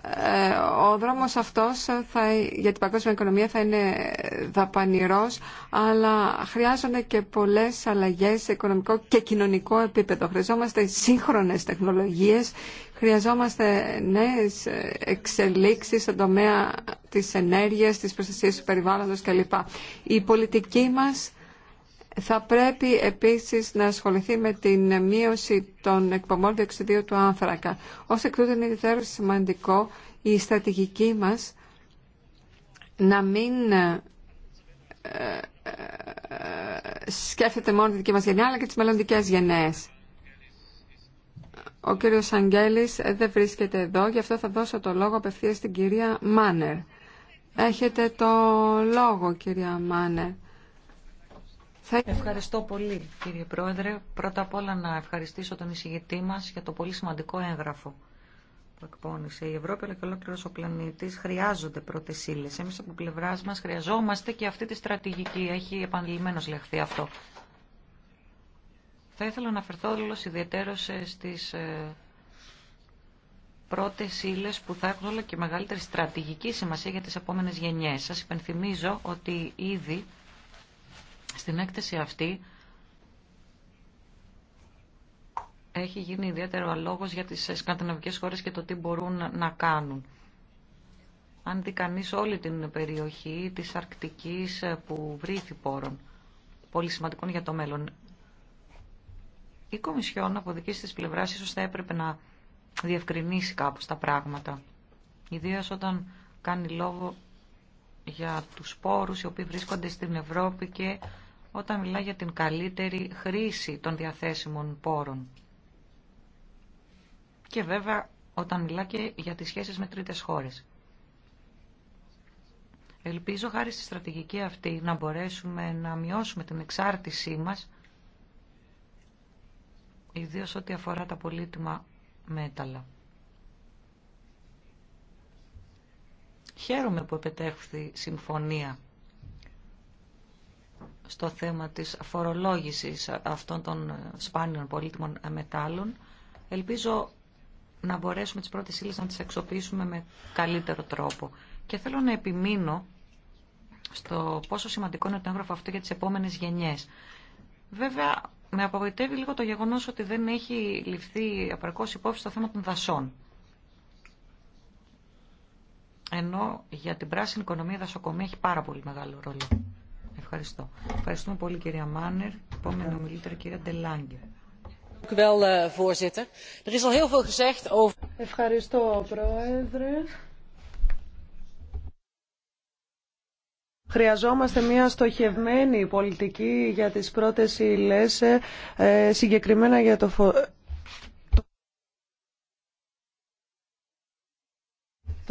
Ε, ο δρόμος αυτός θα, για την παγκόσμια οικονομία θα είναι δαπανηρός, αλλά χρειάζονται και πολλές αλλαγές σε οικονομικό και κοινωνικό επίπεδο. Χρειαζόμαστε σύγχρονες τεχνολογίες, χρειαζόμαστε νέες εξελίξεις στον τομέα της ενέργειας, της προστασίας του περιβάλλοντος κλπ. Η πολιτική μας θα πρέπει επίσης να ασχοληθεί με την μείωση των εκπομπών διοξιδίου του άνθρακα. Ως εκ τούτου είναι ιδιαίτερα σημαντικό η στρατηγική μας να μην ε, ε, ε, σκέφτεται μόνο τη δική μας γενιά αλλά και τις μελλοντικές γενναίες. Ο κύριος Αγγέλης δεν βρίσκεται εδώ, γι' αυτό θα δώσω το λόγο απευθείας στην κυρία Μάνερ. Έχετε το λόγο, κυρία Μάνερ. Θα... Ευχαριστώ πολύ κύριε Πρόεδρε. Πρώτα απ' όλα να ευχαριστήσω τον εισηγητή μας για το πολύ σημαντικό έγγραφο που εκπώνησε. Η Ευρώπη αλλά και ολόκληρο ο πλανήτη χρειάζονται πρώτε ύλε. Εμεί από πλευρά μα χρειαζόμαστε και αυτή τη στρατηγική. Έχει επανειλημμένω λεχθεί αυτό. Θα ήθελα να αναφερθώ όλο ιδιαίτερω ε, στι ε, πρώτε ύλε που θα έχουν όλο και μεγαλύτερη στρατηγική σημασία για τι επόμενε γενιέ. Σα υπενθυμίζω ότι ήδη στην έκθεση αυτή έχει γίνει ιδιαίτερο αλόγος για τις σκανδιναβικές χώρες και το τι μπορούν να κάνουν. Αν δει όλη την περιοχή της Αρκτικής που βρήθη πόρων, πολύ σημαντικών για το μέλλον, η Κομισιόν από δική της πλευράς ίσως θα έπρεπε να διευκρινίσει κάπως τα πράγματα. Ιδίως όταν κάνει λόγο για τους πόρους οι οποίοι βρίσκονται στην Ευρώπη και όταν μιλά για την καλύτερη χρήση των διαθέσιμων πόρων. Και βέβαια όταν μιλά και για τις σχέσεις με τρίτες χώρες. Ελπίζω χάρη στη στρατηγική αυτή να μπορέσουμε να μειώσουμε την εξάρτησή μας, ιδίως ό,τι αφορά τα πολύτιμα μέταλλα. Χαίρομαι που επετέχθη συμφωνία στο θέμα της φορολόγησης αυτών των σπάνιων πολύτιμων μετάλλων. Ελπίζω να μπορέσουμε τις πρώτες ύλες να τις εξοπίσουμε με καλύτερο τρόπο. Και θέλω να επιμείνω στο πόσο σημαντικό είναι το έγγραφο αυτό για τις επόμενες γενιές. Βέβαια, με απογοητεύει λίγο το γεγονός ότι δεν έχει ληφθεί απαρκώς υπόψη στο θέμα των δασών. Ενώ για την πράσινη οικονομία η δασοκομεία έχει πάρα πολύ μεγάλο ρόλο. Ευχαριστώ. Ευχαριστούμε πολύ κυρία Μάνερ. Επόμενη ομιλήτρια κυρία Ντελάγκε. Eh, er Ευχαριστώ, Πρόεδρε. Χρειαζόμαστε μια στοχευμένη πολιτική για τις πρώτες ύλες, ε, συγκεκριμένα για το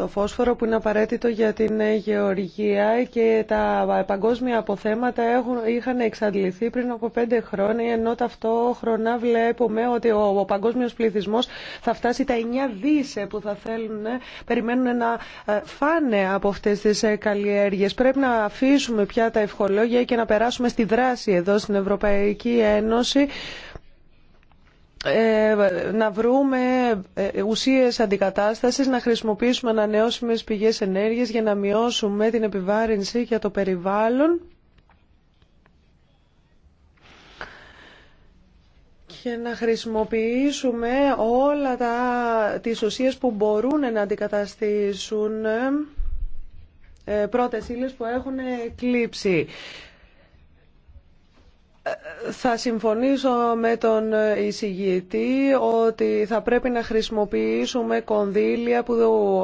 το φόσφορο που είναι απαραίτητο για την ε, γεωργία και τα ε, παγκόσμια αποθέματα έχουν, είχαν εξαντληθεί πριν από πέντε χρόνια ενώ ταυτόχρονα βλέπουμε ότι ο, ο παγκόσμιος πληθυσμός θα φτάσει τα 9 δίσε που θα θέλουν, ε, περιμένουν να φάνε από αυτές τις καλλιέργειες. Πρέπει να αφήσουμε πια τα ευχολόγια και να περάσουμε στη δράση εδώ στην Ευρωπαϊκή Ένωση. Ε, να βρούμε ε, ουσίες αντικατάστασης, να χρησιμοποιήσουμε ανανεώσιμες πηγές ενέργειας για να μειώσουμε την επιβάρυνση για το περιβάλλον και να χρησιμοποιήσουμε όλα τα, τις ουσίες που μπορούν να αντικαταστήσουν ε, πρώτες ύλες που έχουν κλείψει. Θα συμφωνήσω με τον εισηγητή ότι θα πρέπει να χρησιμοποιήσουμε κονδύλια που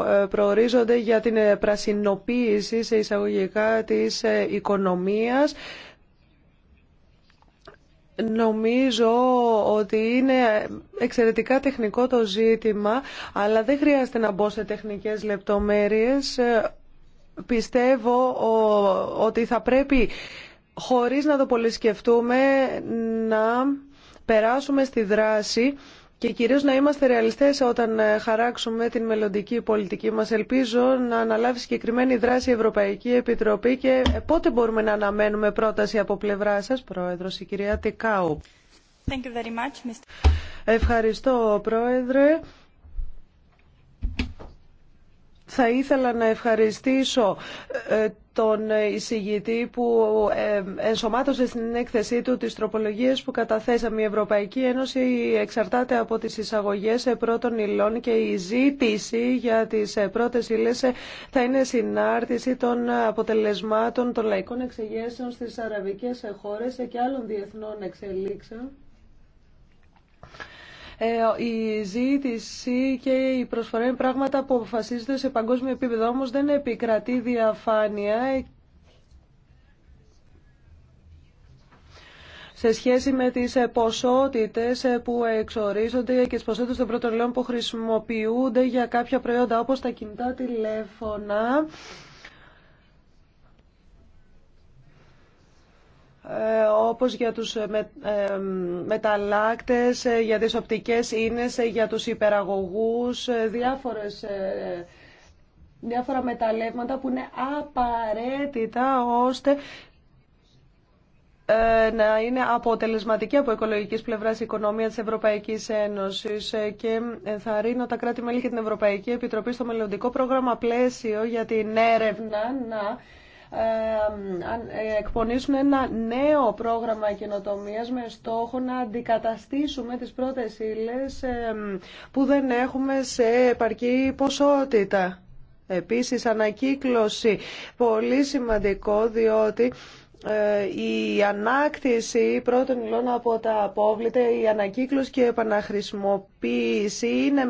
ε, προορίζονται για την ε, πρασινοποίηση σε εισαγωγικά της ε, οικονομίας. Νομίζω ότι είναι εξαιρετικά τεχνικό το ζήτημα, αλλά δεν χρειάζεται να μπω σε τεχνικές λεπτομέρειες. Πιστεύω ότι θα πρέπει χωρίς να το πολυσκεφτούμε να περάσουμε στη δράση και κυρίως να είμαστε ρεαλιστές όταν ε, χαράξουμε την μελλοντική πολιτική μας. Ελπίζω να αναλάβει συγκεκριμένη δράση η Ευρωπαϊκή Επιτροπή και ε, πότε μπορούμε να αναμένουμε πρόταση από πλευρά σας, Πρόεδρος, η κυρία Τικάου. Thank you very much, Mr. Ευχαριστώ, Πρόεδρε. Θα ήθελα να ευχαριστήσω ε, τον εισηγητή που ε, ενσωμάτωσε στην έκθεσή του τις τροπολογίες που καταθέσαμε. Η Ευρωπαϊκή Ένωση εξαρτάται από τις εισαγωγές πρώτων υλών και η ζήτηση για τις ε, πρώτες ύλες θα είναι συνάρτηση των αποτελεσμάτων των λαϊκών εξηγέσεων στις αραβικές χώρες και άλλων διεθνών εξελίξεων. Ε, η ζήτηση και η προσφορά είναι πράγματα που αποφασίζονται σε παγκόσμιο επίπεδο, όμως δεν επικρατεί διαφάνεια σε σχέση με τις ε, ποσότητες ε, που εξορίζονται και τις ποσότητες των πρώτων που χρησιμοποιούνται για κάποια προϊόντα όπως τα κινητά τηλέφωνα. Ε, όπως για τους ε, με, ε, μεταλλάκτες, για τις οπτικές ίνες, για τους υπεραγωγούς, διάφορες διάφορα μεταλλεύματα που είναι απαραίτητα ώστε να είναι αποτελεσματική από οικολογικής πλευράς η οικονομία της Ευρωπαϊκής Ένωσης και θα ρίνω τα κράτη-μέλη και την Ευρωπαϊκή Επιτροπή στο μελλοντικό πρόγραμμα πλαίσιο για την έρευνα να ε, ε, εκπονήσουν ένα νέο πρόγραμμα καινοτομία με στόχο να αντικαταστήσουμε τις πρώτες ύλες ε, που δεν έχουμε σε επαρκή ποσότητα. Επίσης, ανακύκλωση. Πολύ σημαντικό, διότι ε, η ανάκτηση πρώτων υλών από τα απόβλητα, η ανακύκλωση και η επαναχρησιμοποίηση είναι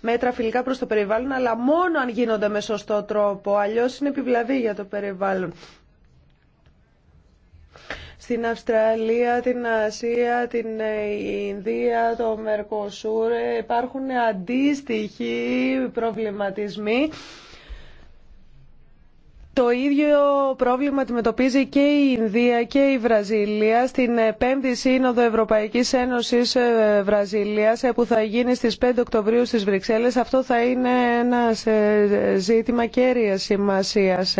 μέτρα φιλικά προς το περιβάλλον, αλλά μόνο αν γίνονται με σωστό τρόπο, αλλιώς είναι επιβλαβή για το περιβάλλον. Στην Αυστραλία, την Ασία, την Ινδία, το Μερκοσούρ υπάρχουν αντίστοιχοι προβληματισμοί. Το ίδιο πρόβλημα αντιμετωπίζει και η Ινδία και η Βραζιλία στην 5η Σύνοδο Ευρωπαϊκής Ένωσης ε, Βραζιλίας ε, που θα γίνει στις 5 Οκτωβρίου στις Βρυξέλλες. Αυτό θα είναι ένα ε, ζήτημα κέρια σημασίας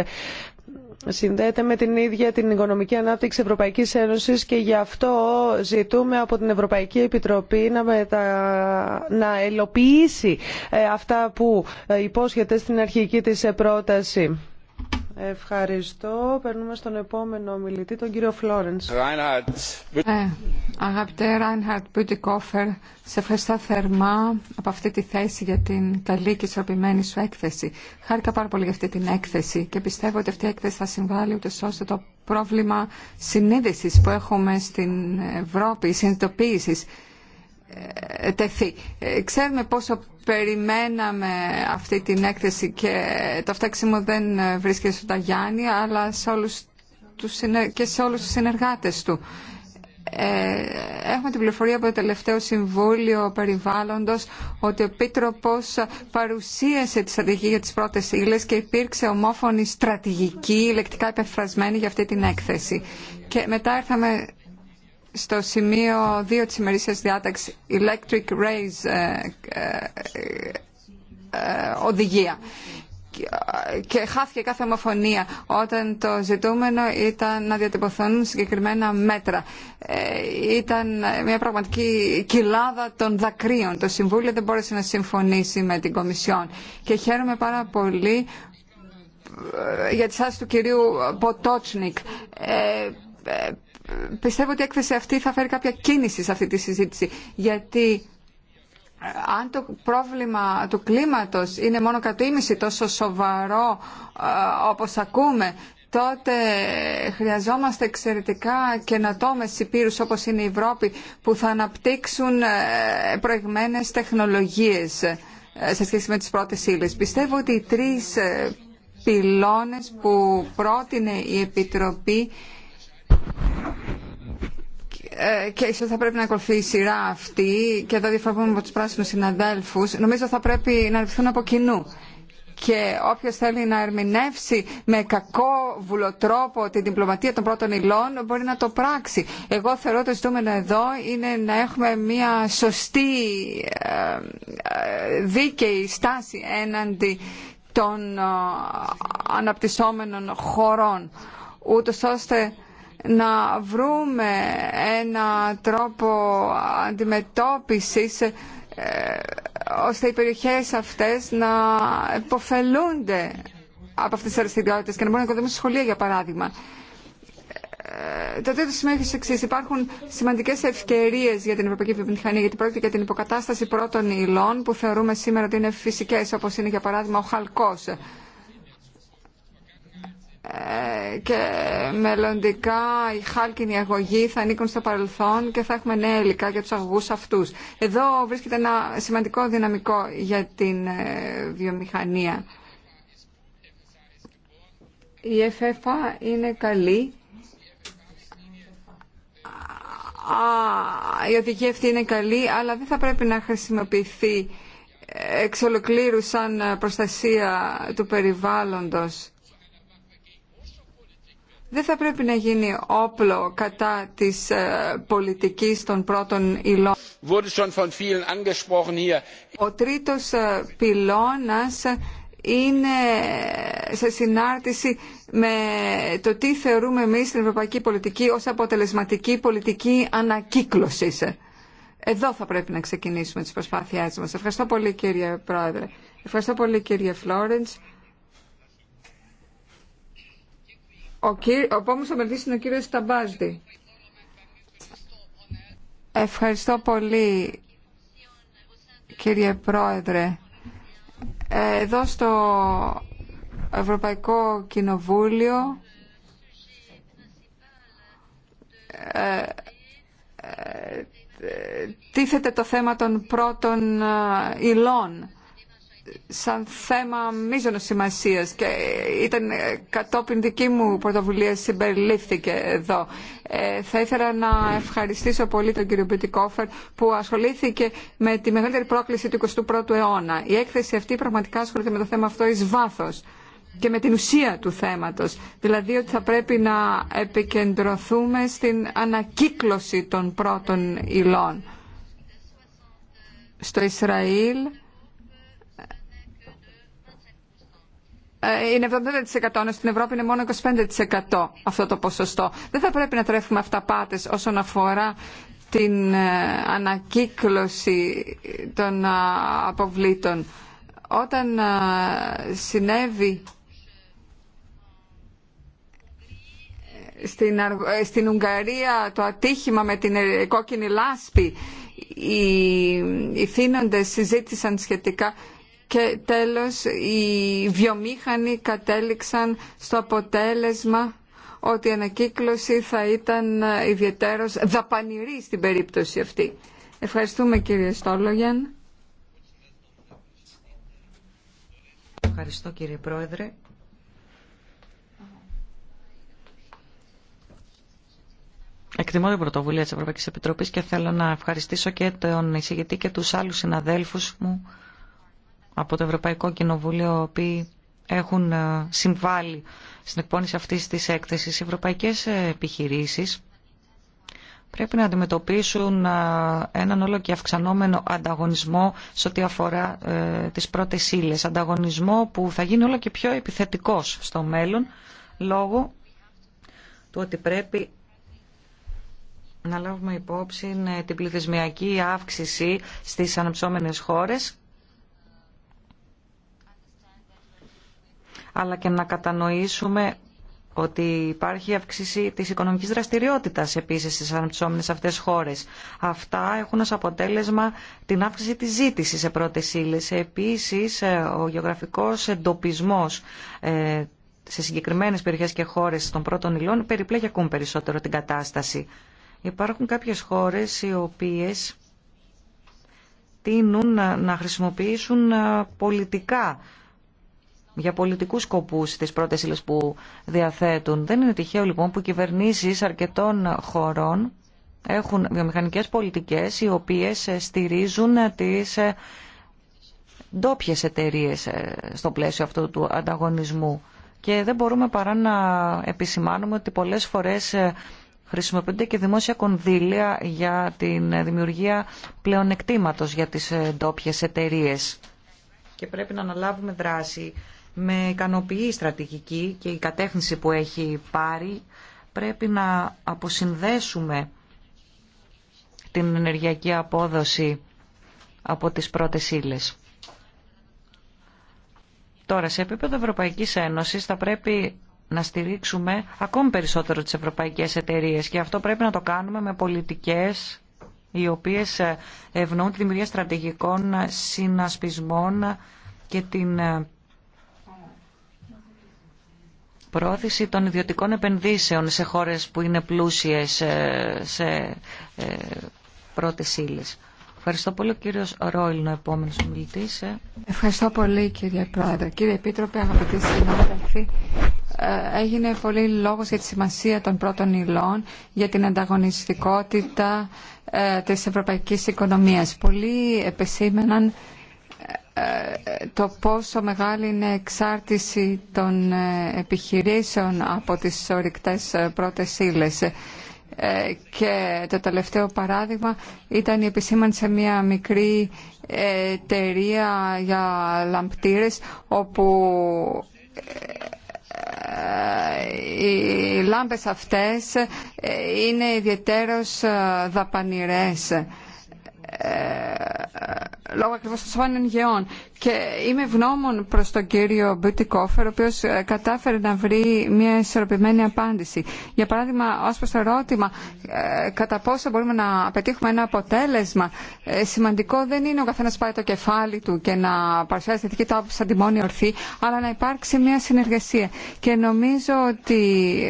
συνδέεται με την ίδια την οικονομική ανάπτυξη Ευρωπαϊκής Ένωσης και γι' αυτό ζητούμε από την Ευρωπαϊκή Επιτροπή να, να ελοποιήσει αυτά που υπόσχεται στην αρχική της πρόταση. Ευχαριστώ. Περνούμε στον επόμενο μιλητή, τον κύριο Φλόρενς. Ε, αγαπητέ Ράινχαρτ Μπιουτικόφερ, σε ευχαριστώ θερμά από αυτή τη θέση για την καλή και ισορροπημένη σου έκθεση. Χάρηκα πάρα πολύ για αυτή την έκθεση και πιστεύω ότι αυτή η έκθεση θα συμβάλλει ούτε ώστε το πρόβλημα συνείδησης που έχουμε στην Ευρώπη, συνειδητοποίησης, ε, τεθεί. Ε, ξέρουμε πόσο περιμέναμε αυτή την έκθεση και το φτάξιμο δεν ε, βρίσκεται στον Ταγιάννη αλλά σε όλους τους, και σε όλους τους συνεργάτες του. έχουμε την πληροφορία από το τελευταίο Συμβούλιο Περιβάλλοντος ότι ο Πίτροπος παρουσίασε τη στρατηγική για τις πρώτες ύλες και υπήρξε ομόφωνη στρατηγική, λεκτικά επεφρασμένη για αυτή την έκθεση. Και μετά ήρθαμε στο σημείο 2 της ημερήσιας διάταξης Electric Rays ε, ε, ε, οδηγία και χάθηκε κάθε ομοφωνία όταν το ζητούμενο ήταν να διατυπωθούν συγκεκριμένα μέτρα. ήταν μια πραγματική κοιλάδα των δακρύων. Το Συμβούλιο δεν μπόρεσε να συμφωνήσει με την Κομισιόν. Και χαίρομαι πάρα πολύ για τη στάση του κυρίου Ποτότσνικ πιστεύω ότι η έκθεση αυτή θα φέρει κάποια κίνηση σε αυτή τη συζήτηση. Γιατί ε, αν το πρόβλημα του κλίματος είναι μόνο κατ' τόσο σοβαρό ε, όπως ακούμε, τότε χρειαζόμαστε εξαιρετικά καινοτόμε υπήρους όπως είναι η Ευρώπη που θα αναπτύξουν ε, προηγμένες τεχνολογίες σε σχέση με τις πρώτες ύλες. Πιστεύω ότι οι τρεις πυλώνες που πρότεινε η Επιτροπή ε, και ίσως θα πρέπει να ακολουθεί η σειρά αυτή και εδώ διαφορούμε από τους πράσινους συναδέλφους νομίζω θα πρέπει να ρυθούν από κοινού και όποιο θέλει να ερμηνεύσει με κακό βουλοτρόπο την διπλωματία των πρώτων υλών μπορεί να το πράξει. Εγώ θεωρώ ότι το ζητούμενο εδώ είναι να έχουμε μια σωστή ε, ε, δίκαιη στάση έναντι των αναπτυσσόμενων χωρών ούτως ώστε να βρούμε ένα τρόπο αντιμετώπισης ε, ώστε οι περιοχές αυτές να υποφελούνται από αυτές τις αριστηριότητες και να μπορούν να οικοδομήσουν σχολεία για παράδειγμα. Ε, το τρίτο σημείο έχει εξή. Υπάρχουν σημαντικέ ευκαιρίε για την ευρωπαϊκή βιομηχανία, γιατί πρόκειται για την υποκατάσταση πρώτων υλών που θεωρούμε σήμερα ότι είναι φυσικέ, όπω είναι για παράδειγμα ο χαλκό. Ε, και μελλοντικά οι χάλκινοι αγωγοί θα ανήκουν στο παρελθόν και θα έχουμε νέα υλικά για τους αγωγούς αυτούς. Εδώ βρίσκεται ένα σημαντικό δυναμικό για την ε, βιομηχανία. Η ΕΦΕΦΑ είναι καλή. Η οδηγία αυτή είναι καλή, αλλά δεν θα πρέπει να χρησιμοποιηθεί ε, εξ ολοκλήρου σαν προστασία του περιβάλλοντος δεν θα πρέπει να γίνει όπλο κατά της ε, πολιτικής των πρώτων υλών. Ο τρίτος ε, πυλώνας είναι σε συνάρτηση με το τι θεωρούμε εμείς στην ευρωπαϊκή πολιτική ως αποτελεσματική πολιτική ανακύκλωση. Εδώ θα πρέπει να ξεκινήσουμε τις προσπάθειές μας. Ευχαριστώ πολύ κύριε Πρόεδρε. Ευχαριστώ πολύ κύριε Φλόρεντς. Ο, κύρι, ο επόμενος ομιλητής είναι ο κύριος Σταμπάζδη. Ευχαριστώ πολύ κύριε Πρόεδρε. Εδώ στο Ευρωπαϊκό Κοινοβούλιο τίθεται το θέμα των πρώτων υλών σαν θέμα μείζωνο σημασία. και ήταν κατόπιν δική μου πρωτοβουλία συμπεριλήφθηκε εδώ. Ε, θα ήθελα να ευχαριστήσω πολύ τον κύριο Μπιτικόφερ που ασχολήθηκε με τη μεγαλύτερη πρόκληση του 21ου αιώνα. Η έκθεση αυτή πραγματικά ασχολείται με το θέμα αυτό εις βάθος και με την ουσία του θέματος. Δηλαδή ότι θα πρέπει να επικεντρωθούμε στην ανακύκλωση των πρώτων υλών. Στο Ισραήλ Ε, είναι 70% στην Ευρώπη είναι μόνο 25% αυτό το ποσοστό. Δεν θα πρέπει να τρέφουμε αυταπάτες όσον αφορά την ε, ανακύκλωση των ε, αποβλήτων. Όταν συνέβη στην Ουγγαρία το ατύχημα με την κόκκινη λάσπη, οι θύνοντες συζήτησαν σχετικά και τέλος οι βιομήχανοι κατέληξαν στο αποτέλεσμα ότι η ανακύκλωση θα ήταν ιδιαίτερος δαπανηρή στην περίπτωση αυτή. Ευχαριστούμε κύριε Στόλογεν. Ευχαριστώ κύριε Πρόεδρε. Εκτιμώ την πρωτοβουλία της Ευρωπαϊκής Επιτροπής και θέλω να ευχαριστήσω και τον εισηγητή και τους άλλους συναδέλφους μου από το Ευρωπαϊκό Κοινοβούλιο, οποίοι έχουν ε, συμβάλει στην εκπόνηση αυτής της έκθεσης. Οι ευρωπαϊκές ε, επιχειρήσεις πρέπει να αντιμετωπίσουν ε, έναν όλο και αυξανόμενο ανταγωνισμό σε ό,τι αφορά τι πρώτε ύλες. Ανταγωνισμό που θα γίνει όλο και πιο επιθετικό στο μέλλον λόγω του ότι πρέπει να λάβουμε υπόψη την πληθυσμιακή αύξηση στις αναψώμενες χώρες αλλά και να κατανοήσουμε ότι υπάρχει αύξηση της οικονομικής δραστηριότητας επίσης στις αναπτυσσόμενες αυτές χώρες. Αυτά έχουν ως αποτέλεσμα την αύξηση της ζήτησης σε πρώτες ύλες. Επίσης, ε, ο γεωγραφικός εντοπισμός ε, σε συγκεκριμένες περιοχές και χώρες των πρώτων υλών περιπλέκει ακόμη περισσότερο την κατάσταση. Υπάρχουν κάποιες χώρες οι οποίες τείνουν να χρησιμοποιήσουν ε, πολιτικά για πολιτικούς σκοπούς τις πρώτες που διαθέτουν. Δεν είναι τυχαίο λοιπόν που οι κυβερνήσεις αρκετών χωρών έχουν βιομηχανικές πολιτικές οι οποίες στηρίζουν τις ντόπιε εταιρείε στο πλαίσιο αυτού του ανταγωνισμού. Και δεν μπορούμε παρά να επισημάνουμε ότι πολλές φορές χρησιμοποιούνται και δημόσια κονδύλια για την δημιουργία πλεονεκτήματος για τις ντόπιε εταιρείε. Και πρέπει να αναλάβουμε δράση με ικανοποιεί η στρατηγική και η κατεύθυνση που έχει πάρει. Πρέπει να αποσυνδέσουμε την ενεργειακή απόδοση από τις πρώτες ύλε. Τώρα, σε επίπεδο Ευρωπαϊκής Ένωσης θα πρέπει να στηρίξουμε ακόμη περισσότερο τις ευρωπαϊκές εταιρείες και αυτό πρέπει να το κάνουμε με πολιτικές οι οποίες ευνοούν τη δημιουργία στρατηγικών συνασπισμών και την προώθηση των ιδιωτικών επενδύσεων σε χώρες που είναι πλούσιες ε, σε ε, πρώτες ύλες. Ευχαριστώ πολύ ο κύριος Ρόιλ, ο επόμενος ε. Ευχαριστώ πολύ κύριε Πρόεδρε. Κύριε Επίτροπε, αγαπητοί συνάδελφοι, έγινε πολύ λόγος για τη σημασία των πρώτων υλών, για την ανταγωνιστικότητα της ευρωπαϊκής οικονομίας. Πολλοί επεσήμεναν το πόσο μεγάλη είναι εξάρτηση των ε, επιχειρήσεων από τις ορυκτές ε, πρώτες ύλες. Ε, και το τελευταίο παράδειγμα ήταν η επισήμανση σε μια μικρή εταιρεία για λαμπτήρες όπου οι λάμπες αυτές είναι ιδιαίτερως δαπανηρές ε, ε, λόγω ακριβώς των σπάνιων γεών. Και είμαι ευγνώμων προς τον κύριο Μπιουτικόφερ, ο οποίος ε, κατάφερε να βρει μια ισορροπημένη απάντηση. Για παράδειγμα, ως προς το ερώτημα κατά πόσο μπορούμε να πετύχουμε ένα αποτέλεσμα, σημαντικό δεν είναι ο καθένας πάει το κεφάλι του και να παρουσιάζει τη δική του άποψη σαν ορθή, αλλά να υπάρξει μια συνεργασία. Και νομίζω ότι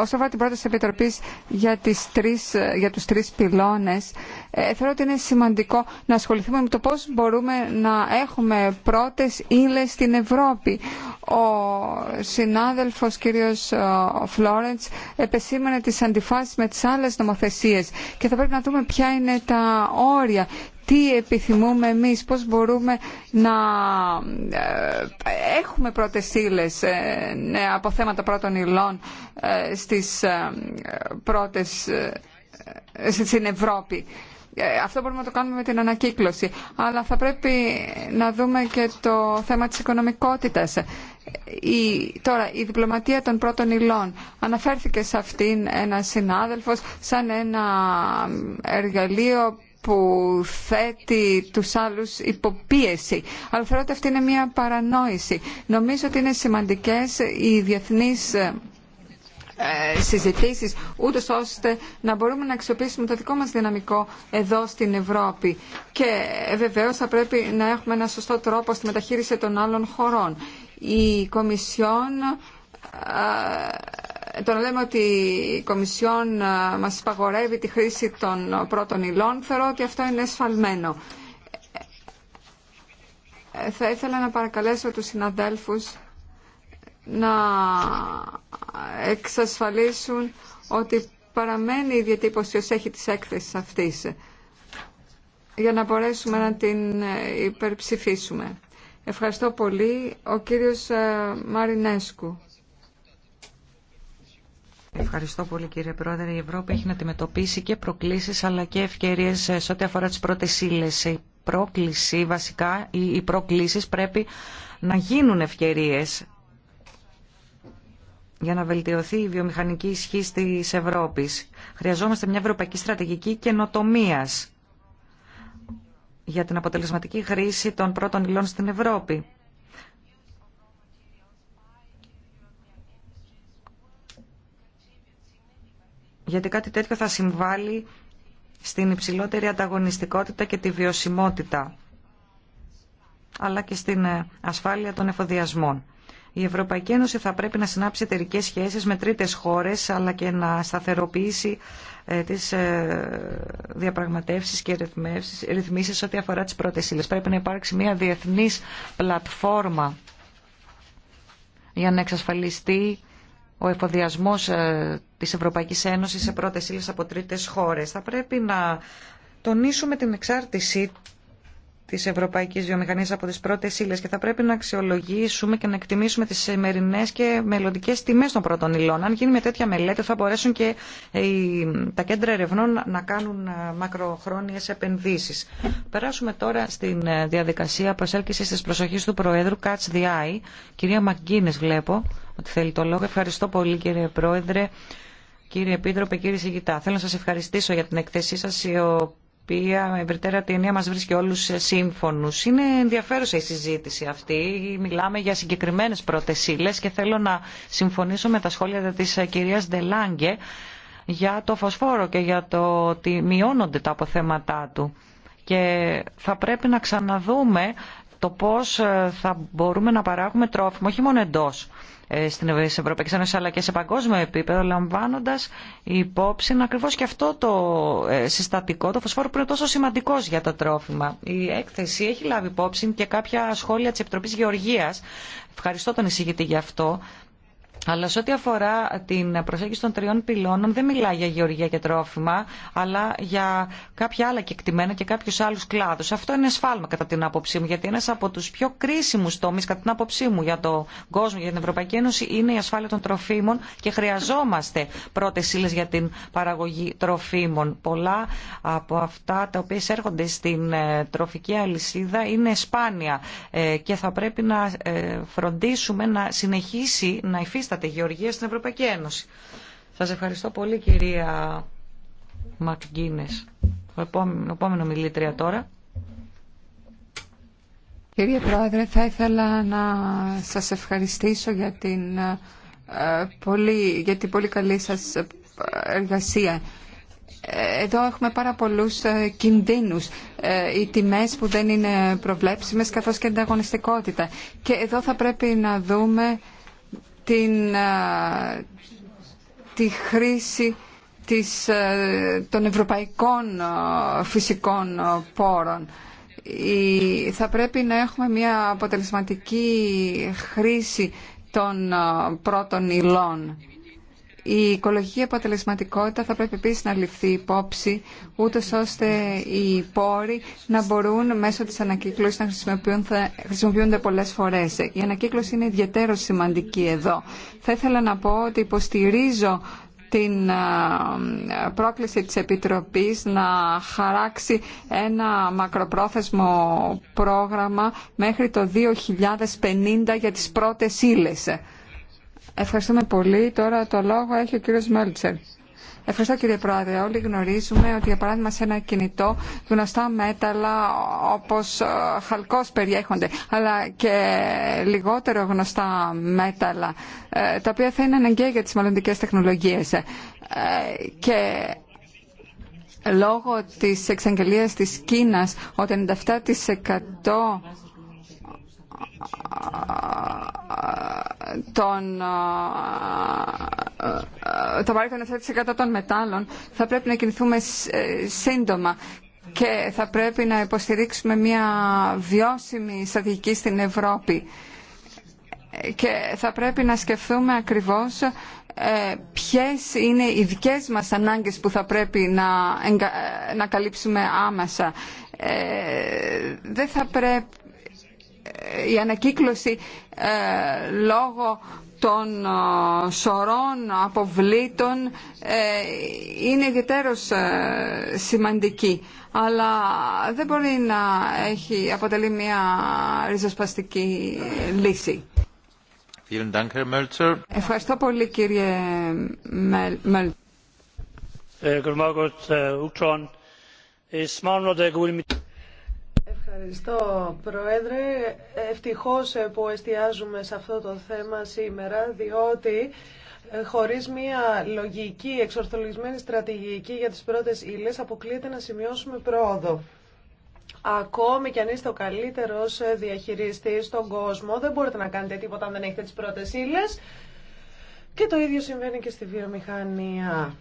όσο αφορά την πρόταση της Επιτροπής για, τις τρεις, για τους τρεις πυλώνες, ε, θεωρώ ότι είναι σημαντικό να ασχοληθούμε με το πώς μπορούμε να έχουμε πρώτες ύλες στην Ευρώπη. Ο συνάδελφος κ. Ε, Φλόρεντς επεσήμανε τις αντιφάσεις με τις άλλες νομοθεσίες και θα πρέπει να δούμε ποια είναι τα όρια τι επιθυμούμε εμείς, πώς μπορούμε να ε, έχουμε πρώτες ύλες ναι, από θέματα πρώτων υλών στις πρώτες στην Ευρώπη. Ε, αυτό μπορούμε να το κάνουμε με την ανακύκλωση. Αλλά θα πρέπει να δούμε και το θέμα της οικονομικότητας. Η, τώρα, η διπλωματία των πρώτων υλών. Αναφέρθηκε σε αυτήν ένα συνάδελφος σαν ένα εργαλείο που θέτει τους άλλους υποπίεση. Αλλά θεωρώ ότι αυτή είναι μια παρανόηση. Νομίζω ότι είναι σημαντικές οι διεθνείς ε, συζητήσεις ούτως ώστε να μπορούμε να αξιοποιήσουμε το δικό μας δυναμικό εδώ στην Ευρώπη και ε, βεβαίως θα πρέπει να έχουμε ένα σωστό τρόπο στη μεταχείριση των άλλων χωρών. Η Κομισιόν ε, το να λέμε ότι η Κομισιόν μας υπαγορεύει τη χρήση των πρώτων υλών, θεωρώ ότι αυτό είναι εσφαλμένο. Θα ήθελα να παρακαλέσω τους συναδέλφους να εξασφαλίσουν ότι παραμένει η διατύπωση ως έχει της έκθεσης αυτής για να μπορέσουμε να την ε, υπερψηφίσουμε. Ευχαριστώ πολύ. Ο κύριος ε, Μαρινέσκου. Ευχαριστώ πολύ κύριε Πρόεδρε. Η Ευρώπη έχει να αντιμετωπίσει και προκλήσεις αλλά και ευκαιρίες ε, σε ό,τι αφορά τις πρώτες ύλες. Η πρόκληση βασικά, οι προκλήσεις πρέπει να γίνουν ευκαιρίες για να βελτιωθεί η βιομηχανική ισχύ τη Ευρώπη, Χρειαζόμαστε μια ευρωπαϊκή στρατηγική καινοτομία για την αποτελεσματική χρήση των πρώτων υλών στην Ευρώπη. Γιατί κάτι τέτοιο θα συμβάλλει στην υψηλότερη ανταγωνιστικότητα και τη βιωσιμότητα αλλά και στην ε, ασφάλεια των εφοδιασμών. Η Ευρωπαϊκή Ένωση θα πρέπει να συνάψει εταιρικέ σχέσει με τρίτε χώρε αλλά και να σταθεροποιήσει ε, τι ε, διαπραγματεύσει και ρυθμίσει ό,τι αφορά τι πρώτε ύλε. Πρέπει να υπάρξει μια διεθνή πλατφόρμα για να εξασφαλιστεί ο εφοδιασμός ε, της Ευρωπαϊκής Ένωσης σε πρώτε ύλε από τρίτε χώρες. Θα πρέπει να τονίσουμε την εξάρτηση τη ευρωπαϊκή βιομηχανία από τι πρώτε ύλε και θα πρέπει να αξιολογήσουμε και να εκτιμήσουμε τι σημερινέ και μελλοντικέ τιμέ των πρώτων υλών. Αν γίνει με τέτοια μελέτη, θα μπορέσουν και τα κέντρα ερευνών να κάνουν ε, μακροχρόνιε επενδύσει. Περάσουμε τώρα στην ε, διαδικασία προσέλκυση τη προσοχή του Προέδρου Catch the Κυρία Μαγκίνε, βλέπω ότι θέλει το λόγο. Ευχαριστώ πολύ, κύριε Πρόεδρε. Κύριε Επίτροπε, κύριε Σιγητά, θέλω να σα ευχαριστήσω για την εκθέσή σας, η οποία με ευρυτέρα ταινία μας βρίσκει όλους σύμφωνους. Είναι ενδιαφέρουσα η συζήτηση αυτή. Μιλάμε για συγκεκριμένες πρώτες και θέλω να συμφωνήσω με τα σχόλια της κυρίας Ντελάγκε για το φωσφόρο και για το ότι μειώνονται τα αποθέματά του. Και θα πρέπει να ξαναδούμε το πώς θα μπορούμε να παράγουμε τρόφιμο, όχι μόνο εντός ε, στην Ευρωπαϊκή Ένωση αλλά και σε παγκόσμιο επίπεδο, λαμβάνοντα υπόψη ακριβώ και αυτό το ε, συστατικό, το φωσφόρο που είναι τόσο σημαντικό για τα τρόφιμα. Η έκθεση έχει λάβει υπόψη και κάποια σχόλια τη Επιτροπή Γεωργία. Ευχαριστώ τον εισηγητή για αυτό. Αλλά σε ό,τι αφορά την προσέγγιση των τριών πυλώνων, δεν μιλάει για γεωργία και τρόφιμα, αλλά για κάποια άλλα κεκτημένα και κάποιου άλλου κλάδου. Αυτό είναι σφάλμα κατά την άποψή μου, γιατί ένα από του πιο κρίσιμου τομεί, κατά την άποψή μου, για τον κόσμο, για την Ευρωπαϊκή Ένωση, είναι η ασφάλεια των τροφίμων και χρειαζόμαστε πρώτε ύλε για την παραγωγή τροφίμων. Πολλά από αυτά τα οποία έρχονται στην ε, τροφική αλυσίδα είναι σπάνια ε, και θα πρέπει να ε, φροντίσουμε να συνεχίσει να υφίσταται υφίσταται γεωργία στην Ευρωπαϊκή Ένωση. Σας ευχαριστώ πολύ κυρία Μακγκίνες. Επόμενο μιλήτρια τώρα. Κύριε Πρόεδρε, θα ήθελα να σας ευχαριστήσω για την, ε, πολύ, για την πολύ καλή σας εργασία. Εδώ έχουμε πάρα πολλούς ε, κινδύνους, ε, οι τιμές που δεν είναι προβλέψιμες καθώς και ανταγωνιστικότητα. Και εδώ θα πρέπει να δούμε την, τη χρήση της, των ευρωπαϊκών φυσικών πόρων. Θα πρέπει να έχουμε μια αποτελεσματική χρήση των πρώτων υλών. Η οικολογική αποτελεσματικότητα θα πρέπει επίσης να ληφθεί υπόψη, ούτω ώστε οι πόροι να μπορούν μέσω τη ανακύκλωση να χρησιμοποιούνται, πολλέ πολλές φορές. Η ανακύκλωση είναι ιδιαίτερο σημαντική εδώ. Θα ήθελα να πω ότι υποστηρίζω την πρόκληση της Επιτροπής να χαράξει ένα μακροπρόθεσμο πρόγραμμα μέχρι το 2050 για τις πρώτες ύλες. Ευχαριστούμε πολύ. Τώρα το λόγο έχει ο κύριο Μέλτσερ. Ευχαριστώ κύριε Πρόεδρε. Όλοι γνωρίζουμε ότι για παράδειγμα σε ένα κινητό γνωστά μέταλλα όπως ε, χαλκός περιέχονται αλλά και λιγότερο γνωστά μέταλλα ε, τα οποία θα είναι αναγκαία για τις μελλοντικέ τεχνολογίες. Ε, και λόγω της εξαγγελίας της Κίνας ότι 97% των, το βάρη των 7% των μετάλλων θα πρέπει να κινηθούμε ε, σύντομα και θα πρέπει να υποστηρίξουμε μια βιώσιμη στρατηγική στην Ευρώπη και θα πρέπει να σκεφτούμε ακριβώς ε, ποιες είναι οι δικές μας ανάγκες που θα πρέπει να, ε, να καλύψουμε άμεσα. δεν θα πρέπει η ανακύκλωση ε, λόγω των ε, σωρών αποβλήτων ε, είναι ιδιαίτερως ε, σημαντική. Αλλά δεν μπορεί να έχει, αποτελεί μια ριζοσπαστική λύση. Ευχαριστώ πολύ κύριε Μέλ. Ε, Ευχαριστώ, Πρόεδρε. Ευτυχώς που εστιάζουμε σε αυτό το θέμα σήμερα, διότι ε, χωρίς μια λογική, εξορθολογισμένη στρατηγική για τις πρώτες ύλες, αποκλείεται να σημειώσουμε πρόοδο. Ακόμη κι αν είστε ο καλύτερος ε, διαχειριστής στον κόσμο, δεν μπορείτε να κάνετε τίποτα αν δεν έχετε τις πρώτες ύλες. Και το ίδιο συμβαίνει και στη βιομηχανία.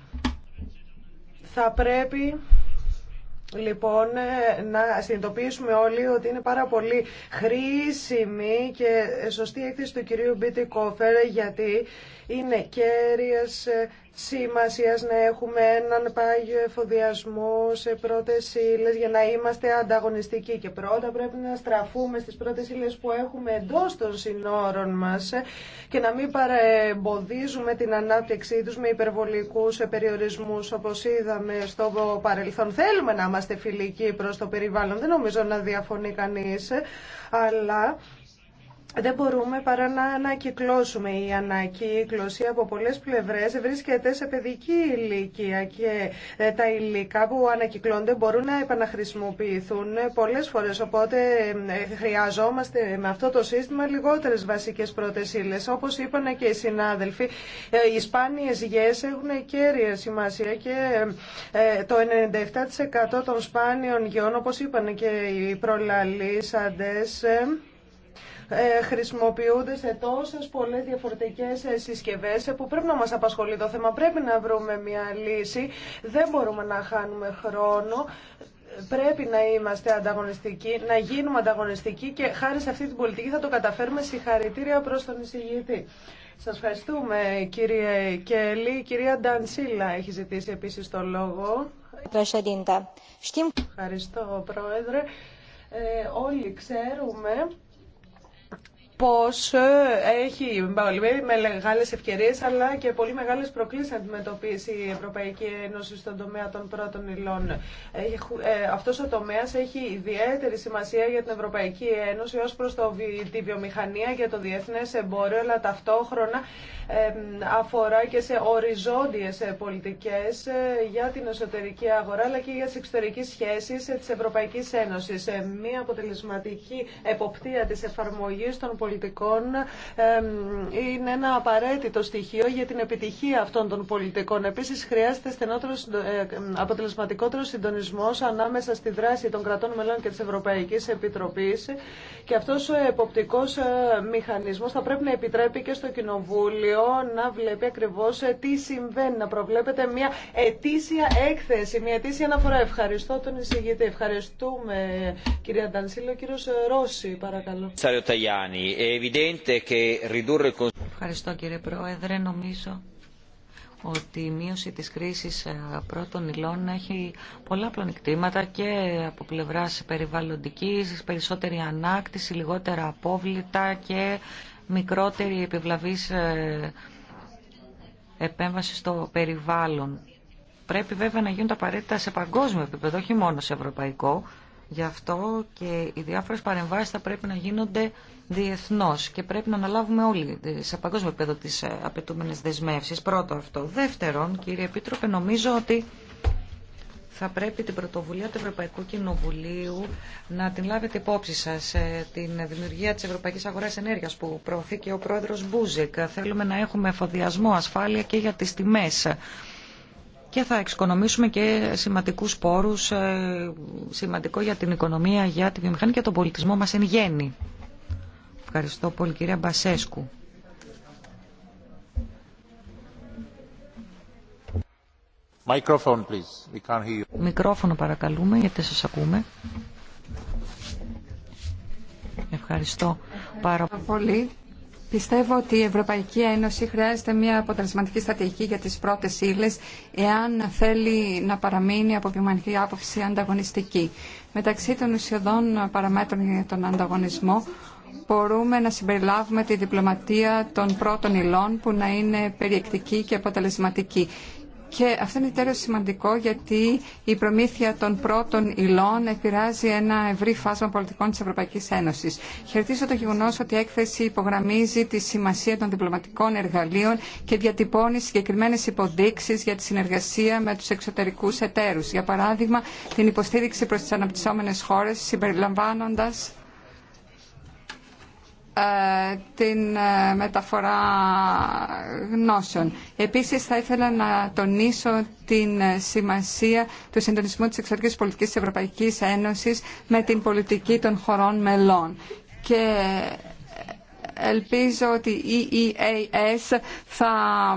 Θα πρέπει λοιπόν ε, να συνειδητοποιήσουμε όλοι ότι είναι πάρα πολύ χρήσιμη και σωστή έκθεση του κυρίου Μπίτι Κόφερ γιατί είναι κέρυες ε, σημασίας να έχουμε έναν πάγιο εφοδιασμό σε πρώτες ύλε για να είμαστε ανταγωνιστικοί και πρώτα πρέπει να στραφούμε στις πρώτες ύλε που έχουμε εντός των συνόρων μας ε, και να μην παρεμποδίζουμε την ανάπτυξή τους με υπερβολικούς ε, περιορισμούς όπως είδαμε στο παρελθόν. Θέλουμε να είμαστε φιλικοί προς το περιβάλλον, δεν νομίζω να διαφωνεί κανείς, αλλά δεν μπορούμε παρά να ανακυκλώσουμε. Η ανακύκλωση από πολλές πλευρές βρίσκεται σε παιδική ηλικία και ε, τα υλικά που ανακυκλώνται μπορούν να επαναχρησιμοποιηθούν πολλές φορές. Οπότε ε, χρειαζόμαστε με αυτό το σύστημα λιγότερες βασικές προτεσίλες. Όπως είπαν και οι συνάδελφοι, ε, οι σπάνιες γιές έχουν κέρια σημασία και το 97% των σπάνιων γιών, όπως είπαν και οι προλαλήσαντες, ε, χρησιμοποιούνται σε τόσες πολλές διαφορετικές ε, συσκευές ε, που πρέπει να μας απασχολεί το θέμα. Πρέπει να βρούμε μια λύση. Δεν μπορούμε να χάνουμε χρόνο πρέπει να είμαστε ανταγωνιστικοί, να γίνουμε ανταγωνιστικοί και χάρη σε αυτή την πολιτική θα το καταφέρουμε συγχαρητήρια προ τον εισηγητή. Σα ευχαριστούμε κύριε Κέλλη. Η κυρία Ντανσίλα έχει ζητήσει επίση το λόγο. Ευχαριστώ πρόεδρε. όλοι ξέρουμε πώς ε, έχει με μεγάλες ευκαιρίες αλλά και πολύ μεγάλες προκλήσεις να αντιμετωπίσει η Ευρωπαϊκή Ένωση στον τομέα των πρώτων υλών. Ε, αυτός ο τομέας έχει ιδιαίτερη σημασία για την Ευρωπαϊκή Ένωση ως προς το, τη βιομηχανία και το διεθνές εμπόριο αλλά ταυτόχρονα αφορά και σε οριζόντιες ε, πολιτικές για την εσωτερική αγορά αλλά και για τις εξωτερικές σχέσεις της Ευρωπαϊκής Ένωσης. Μία αποτελεσματική εποπτεία της εφαρμογής των πολιτικών είναι ένα απαραίτητο στοιχείο για την επιτυχία αυτών των πολιτικών. Επίσης χρειάζεται στενότερο, ε, αποτελεσματικότερο συντονισμό ανάμεσα στη δράση των κρατών μελών και της Ευρωπαϊκής Επιτροπής και αυτός ο εποπτικός ε, μηχανισμός θα πρέπει να επιτρέπει και στο Κοινοβούλιο να βλέπει ακριβώς ε, τι συμβαίνει, να προβλέπεται μια ετήσια έκθεση, μια ετήσια αναφορά. Ευχαριστώ τον εισηγητή. Ευχαριστούμε κυρία Ο Κύριος Ρώση, παρακαλώ. Ταγιάννη, Ευχαριστώ κύριε Πρόεδρε. Νομίζω ότι η μείωση της κρίσης ε, πρώτων υλών έχει πολλά πλονεκτήματα και από πλευράς περιβαλλοντικής, περισσότερη ανάκτηση, λιγότερα απόβλητα και μικρότερη επιβλαβής ε, επέμβαση στο περιβάλλον. Πρέπει βέβαια να γίνουν τα απαραίτητα σε παγκόσμιο επίπεδο, όχι μόνο σε ευρωπαϊκό. Γι' αυτό και οι διάφορες παρεμβάσεις θα πρέπει να γίνονται Διεθνώ και πρέπει να αναλάβουμε όλοι σε παγκόσμιο επίπεδο τι ε, απαιτούμενε δεσμεύσει. Πρώτο αυτό. Δεύτερον, κύριε Επίτροπε, νομίζω ότι θα πρέπει την πρωτοβουλία του Ευρωπαϊκού Κοινοβουλίου να την λάβετε υπόψη σα ε, την δημιουργία τη Ευρωπαϊκή Αγορά ενέργεια που προωθεί και ο πρόεδρο Μπούζικ. Θέλουμε να έχουμε εφοδιασμό, ασφάλεια και για τι τιμέ. και θα εξοικονομήσουμε και σημαντικού πόρου. Ε, σημαντικό για την οικονομία, για τη βιομηχανία και τον πολιτισμό μα εν γέννη. Ευχαριστώ πολύ κυρία Μπασέσκου. Μικρόφωνο παρακαλούμε γιατί σας ακούμε. Ευχαριστώ πάρα πολύ. Πιστεύω ότι η Ευρωπαϊκή Ένωση χρειάζεται μια αποτελεσματική στρατηγική για τις πρώτες ύλε εάν θέλει να παραμείνει από ποιομανική άποψη ανταγωνιστική. Μεταξύ των ουσιοδών παραμέτρων για τον ανταγωνισμό μπορούμε να συμπεριλάβουμε τη διπλωματία των πρώτων υλών που να είναι περιεκτική και αποτελεσματική. Και αυτό είναι τέλος σημαντικό γιατί η προμήθεια των πρώτων υλών επηρεάζει ένα ευρύ φάσμα πολιτικών της Ευρωπαϊκής Ένωσης. Χαιρετίζω το γεγονός ότι η έκθεση υπογραμμίζει τη σημασία των διπλωματικών εργαλείων και διατυπώνει συγκεκριμένες υποδείξεις για τη συνεργασία με τους εξωτερικούς εταίρους. Για παράδειγμα, την υποστήριξη προς τις αναπτυσσόμενες χώρες συμπεριλαμβάνοντας ε, την ε, μεταφορά γνώσεων. Επίσης θα ήθελα να τονίσω την ε, σημασία του συντονισμού της εξωτερικής πολιτικής της Ευρωπαϊκής Ένωσης με την πολιτική των χωρών μελών. Και ελπίζω ότι η EEAS θα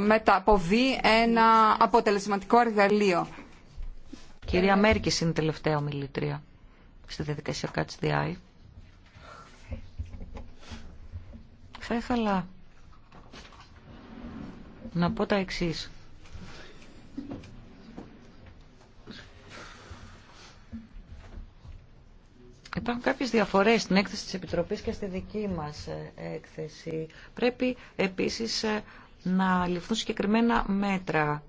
μεταποβεί ένα αποτελεσματικό εργαλείο. Κυρία Μέρκης είναι τελευταία ομιλήτρια στη διαδικασία ΚΑΤΣΔΙ. Θα ήθελα να πω τα εξής. Υπάρχουν κάποιες διαφορές στην έκθεση της Επιτροπής και στη δική μας ε, έκθεση. Πρέπει επίσης ε, να ληφθούν συγκεκριμένα μέτρα.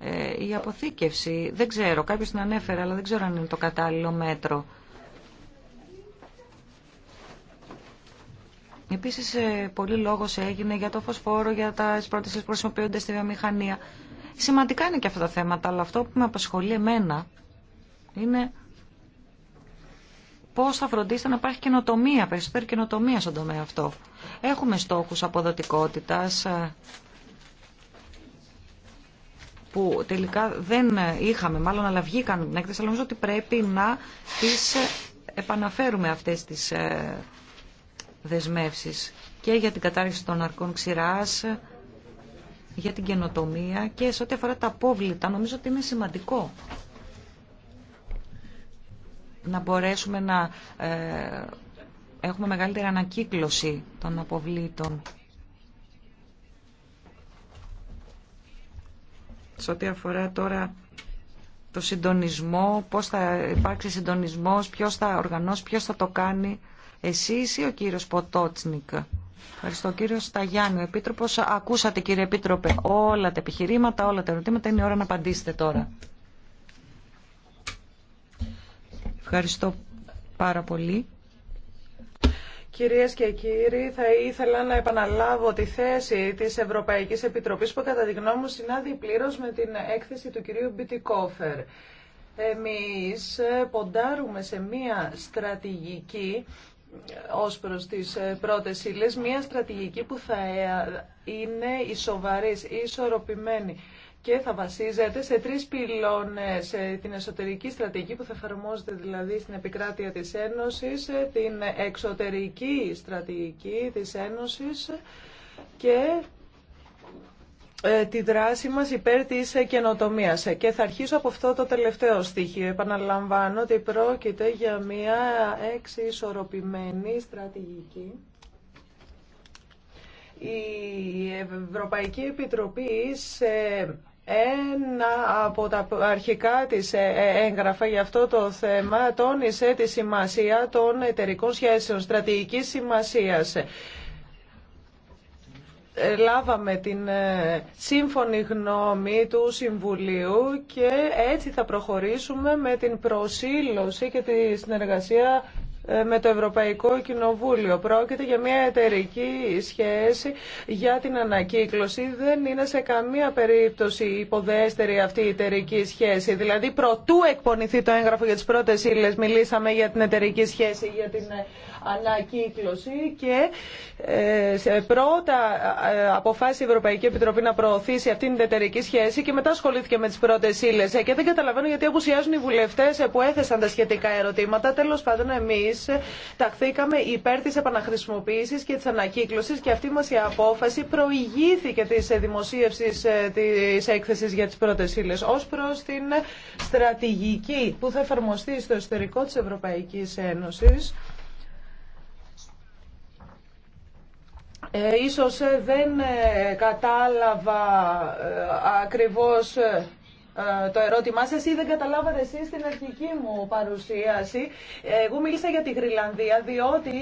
Ε, η αποθήκευση, δεν ξέρω, κάποιος την ανέφερε, αλλά δεν ξέρω αν είναι το κατάλληλο μέτρο. Επίσης, ε, πολύ λόγος έγινε για το φωσφόρο, για τα πρώτες που χρησιμοποιούνται στη βιομηχανία. Σημαντικά είναι και αυτά τα θέματα, αλλά αυτό που με απασχολεί εμένα είναι πώς θα φροντίσετε να υπάρχει καινοτομία, περισσότερη καινοτομία στον τομέα αυτό. Έχουμε στόχους αποδοτικότητας ε, που τελικά δεν είχαμε, μάλλον αλλά βγήκαν την έκθεση, αλλά νομίζω ότι πρέπει να τις ε, επαναφέρουμε αυτές τις και για την κατάρριξη των αρκών ξηράς, για την καινοτομία και σε ό,τι αφορά τα απόβλητα νομίζω ότι είναι σημαντικό να μπορέσουμε να ε, έχουμε μεγαλύτερη ανακύκλωση των αποβλήτων. Σε ό,τι αφορά τώρα το συντονισμό, πώς θα υπάρξει συντονισμός, ποιος θα οργανώσει, ποιος θα το κάνει εσείς ή ο κύριος Ποτότσνικ. Ευχαριστώ κύριο Σταγιάννη, ο Επίτροπος. Ακούσατε κύριε Επίτροπε όλα τα επιχειρήματα, όλα τα ερωτήματα. Είναι η ώρα να απαντήσετε τώρα. Ευχαριστώ πάρα πολύ. Κυρίες και κύριοι, θα ήθελα να επαναλάβω τη θέση της Ευρωπαϊκής Επιτροπής που κατά τη γνώμη μου συνάδει πλήρως με την έκθεση του κυρίου Μπιτικόφερ. Εμείς ε, ποντάρουμε σε μία στρατηγική ως προς τις ε, πρώτες ύλες, μια στρατηγική που θα ε, είναι ισοβαρής, ισορροπημένη και θα βασίζεται σε τρεις πυλώνες, ε, την εσωτερική στρατηγική που θα εφαρμόζεται δηλαδή στην επικράτεια της Ένωσης, την εξωτερική στρατηγική της Ένωσης και ε, τη δράση μας υπέρ της καινοτομίας. Και θα αρχίσω από αυτό το τελευταίο στοιχείο. Επαναλαμβάνω ότι πρόκειται για μια εξισορροπημένη στρατηγική. Η Ευρωπαϊκή Επιτροπή σε ένα από τα αρχικά της ε, ε, έγγραφα για αυτό το θέμα τόνισε τη σημασία των εταιρικών σχέσεων, στρατηγικής σημασίας. Ε, λάβαμε την ε, σύμφωνη γνώμη του Συμβουλίου και έτσι θα προχωρήσουμε με την προσήλωση και τη συνεργασία ε, με το Ευρωπαϊκό Κοινοβούλιο. Πρόκειται για μια εταιρική σχέση για την ανακύκλωση. Δεν είναι σε καμία περίπτωση υποδέστερη αυτή η εταιρική σχέση. Δηλαδή, προτού εκπονηθεί το έγγραφο για τις πρώτες ύλες, μιλήσαμε για την εταιρική σχέση, για την ανακύκλωση και ε, σε πρώτα ε, αποφάσισε η Ευρωπαϊκή Επιτροπή να προωθήσει αυτήν την εταιρική σχέση και μετά ασχολήθηκε με τι πρώτες ύλε. Ε, και δεν καταλαβαίνω γιατί απουσιάζουν οι βουλευτές που έθεσαν τα σχετικά ερωτήματα. τέλο πάντων εμείς ταχθήκαμε υπέρ τη επαναχρησιμοποίηση και τη ανακύκλωση και αυτή μα η απόφαση προηγήθηκε της δημοσίευσης τη έκθεση για τι πρώτε ύλε ω προ την στρατηγική που θα εφαρμοστεί στο εσωτερικό τη Ευρωπαϊκής Ένωσης Ε, ίσως ε, δεν ε, κατάλαβα ε, ακριβώς το ερώτημά σας ή δεν καταλάβατε εσείς την αρχική μου παρουσίαση. Εγώ μίλησα για τη Γρυλανδία διότι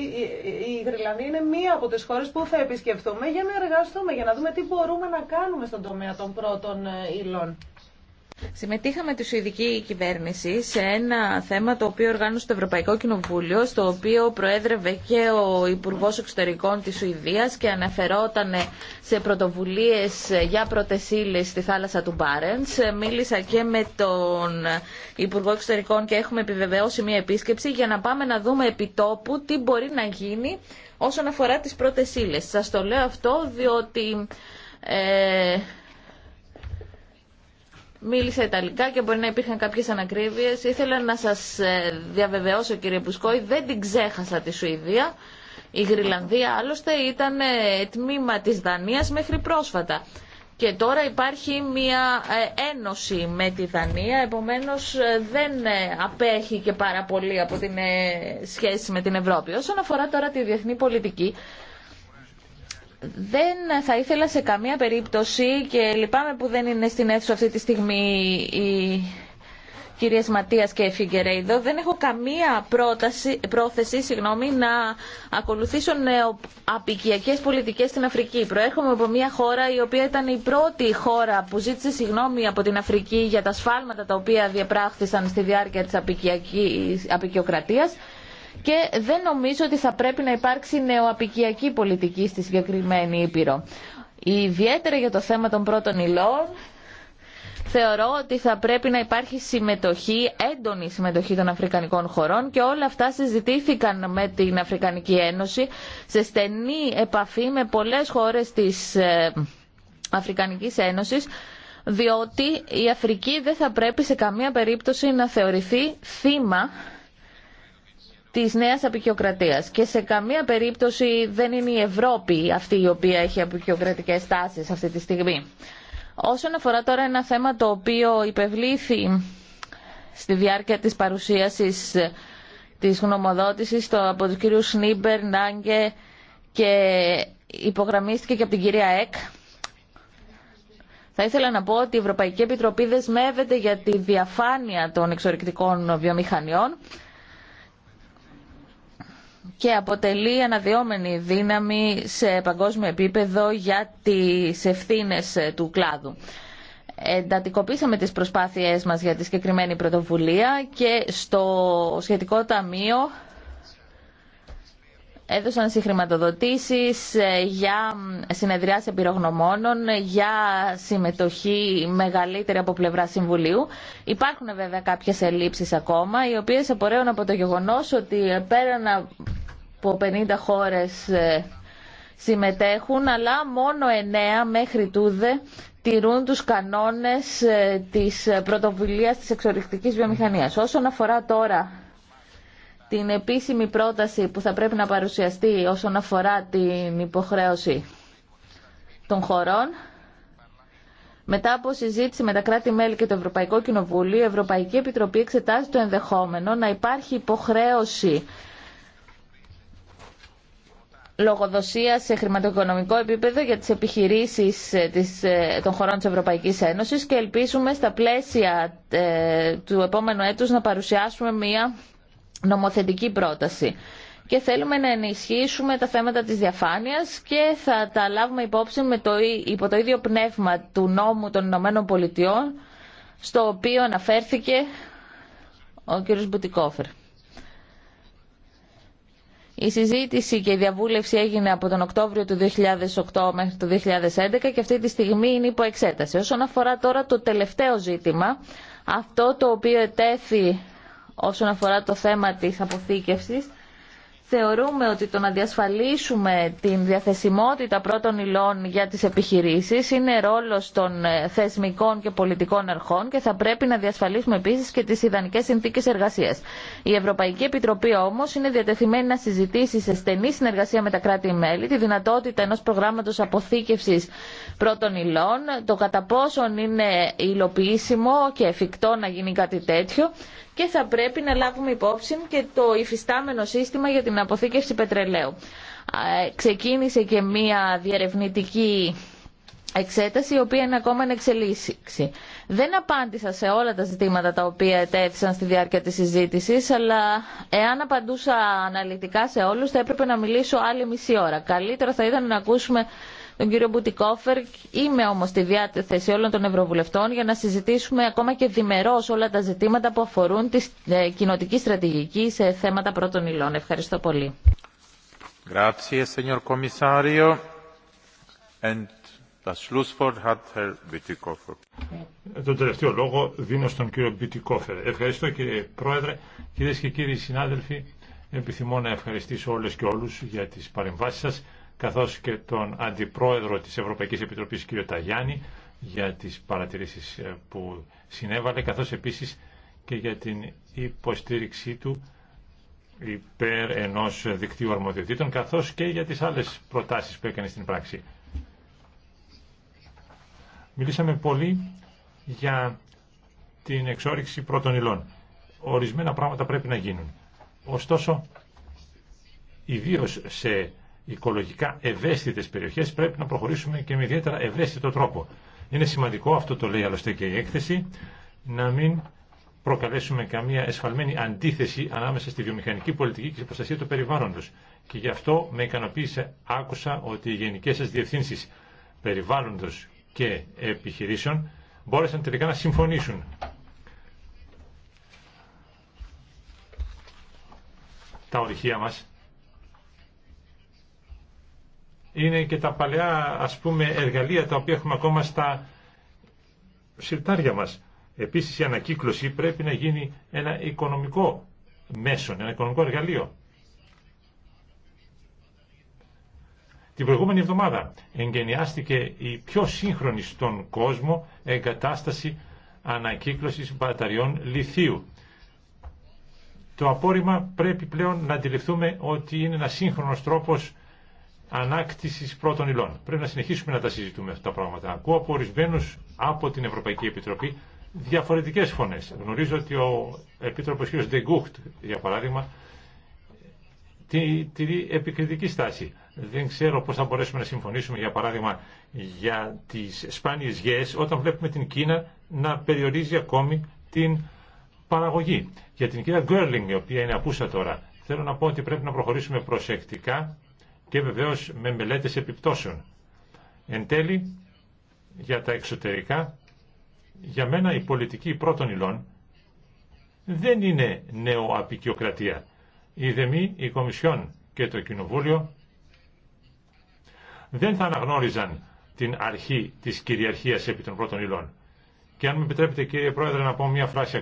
η Γρυλανδία είναι μία από τις χώρες που θα επισκεφτούμε για να εργαστούμε, για να δούμε τι μπορούμε να κάνουμε στον τομέα των πρώτων υλών. Συμμετείχαμε τη Σουηδική κυβέρνηση σε ένα θέμα το οποίο οργάνωσε το Ευρωπαϊκό Κοινοβούλιο, στο οποίο προέδρευε και ο Υπουργό Εξωτερικών τη Σουηδία και αναφερόταν σε πρωτοβουλίε για πρώτε ύλε στη θάλασσα του Μπάρεντ. Μίλησα και με τον Υπουργό Εξωτερικών και έχουμε επιβεβαιώσει μια επίσκεψη για να πάμε να δούμε επιτόπου τι μπορεί να γίνει όσον αφορά τι πρώτε ύλε. Σα το λέω αυτό διότι. Ε, μίλησα Ιταλικά και μπορεί να υπήρχαν κάποιες ανακρίβειες. Ήθελα να σας ε, διαβεβαιώσω κύριε Πουσκόη, δεν την ξέχασα τη Σουηδία. Η Γρυλανδία άλλωστε ήταν ε, τμήμα της Δανίας μέχρι πρόσφατα. Και τώρα υπάρχει μια ε, ένωση με τη Δανία, επομένως δεν απέχει και πάρα πολύ από την σχέση με την Ευρώπη. Όσον αφορά τώρα τη διεθνή πολιτική, δεν θα ήθελα σε καμία περίπτωση και λυπάμαι που δεν είναι στην αίθουσα αυτή τη στιγμή η κυρία Ματίας και Φιγκερέιδο, δεν έχω καμία πρόταση, πρόθεση συγγνώμη, να ακολουθήσω νεοαπικιακές πολιτικές στην Αφρική. Προέρχομαι από μια χώρα η οποία ήταν η πρώτη χώρα που ζήτησε συγγνώμη από την Αφρική για τα σφάλματα τα οποία διαπράχθησαν στη διάρκεια της και δεν νομίζω ότι θα πρέπει να υπάρξει νεοαπικιακή πολιτική στη συγκεκριμένη Ήπειρο. Ιδιαίτερα για το θέμα των πρώτων υλών, θεωρώ ότι θα πρέπει να υπάρχει συμμετοχή, έντονη συμμετοχή των Αφρικανικών χωρών και όλα αυτά συζητήθηκαν με την Αφρικανική Ένωση σε στενή επαφή με πολλές χώρες της ε, Αφρικανικής Ένωσης διότι η Αφρική δεν θα πρέπει σε καμία περίπτωση να θεωρηθεί θύμα της νέας αποικιοκρατίας. και σε καμία περίπτωση δεν είναι η Ευρώπη αυτή η οποία έχει αποικιοκρατικές τάσεις αυτή τη στιγμή. Όσον αφορά τώρα ένα θέμα το οποίο υπευλήθη στη διάρκεια της παρουσίασης της γνωμοδότησης το, από τον κύριο Σνίμπερ, Νάγκε και υπογραμμίστηκε και από την κυρία Εκ. Θα ήθελα να πω ότι η Ευρωπαϊκή Επιτροπή δεσμεύεται για τη διαφάνεια των εξορρυκτικών βιομηχανιών και αποτελεί αναδυόμενη δύναμη σε παγκόσμιο επίπεδο για τις ευθύνες ε, του κλάδου. Εντατικοποίησαμε τις προσπάθειές μας για τη συγκεκριμένη πρωτοβουλία και στο σχετικό ταμείο έδωσαν συγχρηματοδοτήσεις ε, για συνεδριάσεις επιρρογνωμόνων, για συμμετοχή μεγαλύτερη από πλευρά Συμβουλίου. Υπάρχουν βέβαια κάποιες ελλείψεις ακόμα, οι οποίες απορρέουν από το γεγονός ότι ε, πέραν που 50 χώρες ε, συμμετέχουν, αλλά μόνο 9 μέχρι τούδε τηρούν τους κανόνες ε, της πρωτοβουλίας της εξορυκτικής βιομηχανίας. Όσον αφορά τώρα την επίσημη πρόταση που θα πρέπει να παρουσιαστεί όσον αφορά την υποχρέωση των χωρών, μετά από συζήτηση με τα κράτη-μέλη και το Ευρωπαϊκό Κοινοβούλιο, η Ευρωπαϊκή Επιτροπή εξετάζει το ενδεχόμενο να υπάρχει υποχρέωση λογοδοσία σε χρηματοοικονομικό επίπεδο για τις επιχειρήσεις ε, ε, των χωρών της Ευρωπαϊκής Ένωσης και ελπίζουμε στα πλαίσια ε, του επόμενου έτους να παρουσιάσουμε μία νομοθετική πρόταση. Και θέλουμε να ενισχύσουμε τα θέματα της διαφάνειας και θα τα λάβουμε υπόψη με το, υπό το ίδιο πνεύμα του νόμου των Ηνωμένων Πολιτειών στο οποίο αναφέρθηκε ο κ. Μπουτικόφερ. Η συζήτηση και η διαβούλευση έγινε από τον Οκτώβριο του 2008 μέχρι το 2011 και αυτή τη στιγμή είναι υπό εξέταση. Όσον αφορά τώρα το τελευταίο ζήτημα, αυτό το οποίο ετέθη όσον αφορά το θέμα της αποθήκευσης, θεωρούμε ότι το να διασφαλίσουμε την διαθεσιμότητα πρώτων υλών για τις επιχειρήσεις είναι ρόλος των ε, θεσμικών και πολιτικών αρχών και θα πρέπει να διασφαλίσουμε επίσης και τις ιδανικές συνθήκες εργασίας. Η Ευρωπαϊκή Επιτροπή όμως είναι διατεθειμένη να συζητήσει σε στενή συνεργασία με τα κράτη-μέλη τη δυνατότητα ενός προγράμματος αποθήκευσης πρώτων υλών, το κατά πόσον είναι υλοποιήσιμο και εφικτό να γίνει κάτι τέτοιο και θα πρέπει να λάβουμε υπόψη και το υφιστάμενο σύστημα για την αποθήκευση πετρελαίου. Ε, ξεκίνησε και μία διερευνητική εξέταση η οποία είναι ακόμα εν εξελίξη. Δεν απάντησα σε όλα τα ζητήματα τα οποία ετέθησαν στη διάρκεια της συζήτησης, αλλά εάν απαντούσα αναλυτικά σε όλους θα έπρεπε να μιλήσω άλλη μισή ώρα. Καλύτερα θα ήταν να ακούσουμε τον κύριο Μπουτικόφερ. Είμαι όμω στη διάθεση όλων των Ευρωβουλευτών για να συζητήσουμε ακόμα και διμερώ όλα τα ζητήματα που αφορούν τη ε, κοινοτική στρατηγική σε θέματα πρώτων υλών. Ευχαριστώ πολύ. Ε, τον τελευταίο λόγο δίνω στον κύριο Μπιτικόφερ. Ευχαριστώ κύριε Πρόεδρε, κύριε και κύριοι συνάδελφοι. Επιθυμώ να ευχαριστήσω όλες και όλους για τις παρεμβάσεις σας καθώς και τον Αντιπρόεδρο της Ευρωπαϊκής Επιτροπής κ. Ταγιάννη για τις παρατηρήσεις ε, που συνέβαλε, καθώς επίσης και για την υποστήριξή του υπέρ ενός δικτύου αρμοδιοτήτων, καθώς και για τις άλλες προτάσεις που έκανε στην πράξη. Μιλήσαμε πολύ για την εξόριξη πρώτων υλών. Ορισμένα πράγματα πρέπει να γίνουν. Ωστόσο, ιδίως σε οικολογικά ευαίσθητε περιοχές πρέπει να προχωρήσουμε και με ιδιαίτερα ευαίσθητο τρόπο. Είναι σημαντικό, αυτό το λέει άλλωστε και η έκθεση, να μην προκαλέσουμε καμία εσφαλμένη αντίθεση ανάμεσα στη βιομηχανική πολιτική και στην προστασία του περιβάλλοντο. Και γι' αυτό με ικανοποίησε άκουσα ότι οι γενικέ σα διευθύνσει περιβάλλοντος και επιχειρήσεων μπόρεσαν τελικά να συμφωνήσουν. Τα ορυχεία μας είναι και τα παλαιά ας πούμε εργαλεία τα οποία έχουμε ακόμα στα συρτάρια μας. Επίσης η ανακύκλωση πρέπει να γίνει ένα οικονομικό μέσο, ένα οικονομικό εργαλείο. Την προηγούμενη εβδομάδα εγκαινιάστηκε η πιο σύγχρονη στον κόσμο εγκατάσταση ανακύκλωσης μπαταριών λιθίου. Το απόρριμα πρέπει πλέον να αντιληφθούμε ότι είναι ένα σύγχρονος τρόπος Ανάκτηση πρώτων υλών. Πρέπει να συνεχίσουμε να τα συζητούμε αυτά τα πράγματα. Ακούω από ορισμένου από την Ευρωπαϊκή Επιτροπή διαφορετικέ φωνέ. Γνωρίζω ότι ο Επίτροπος κ. Ντεγκούχτ, για παράδειγμα, τηρεί επικριτική στάση. Δεν ξέρω πώ θα μπορέσουμε να συμφωνήσουμε, για παράδειγμα, για τι σπάνιε γέε, όταν βλέπουμε την Κίνα να περιορίζει ακόμη την παραγωγή. Για την κυρία Γκέρλινγκ, η οποία είναι απούσα τώρα, θέλω να πω ότι πρέπει να προχωρήσουμε προσεκτικά και βεβαίως με μελέτες επιπτώσεων. Εν τέλει, για τα εξωτερικά, για μένα η πολιτική πρώτων υλών δεν είναι νέο απεικιοκρατία. Η ΔΕΜΗ, η Κομισιόν και το Κοινοβούλιο δεν θα αναγνώριζαν την αρχή της κυριαρχίας επί των πρώτων υλών. Και αν με επιτρέπετε κύριε Πρόεδρε να πω μια φράση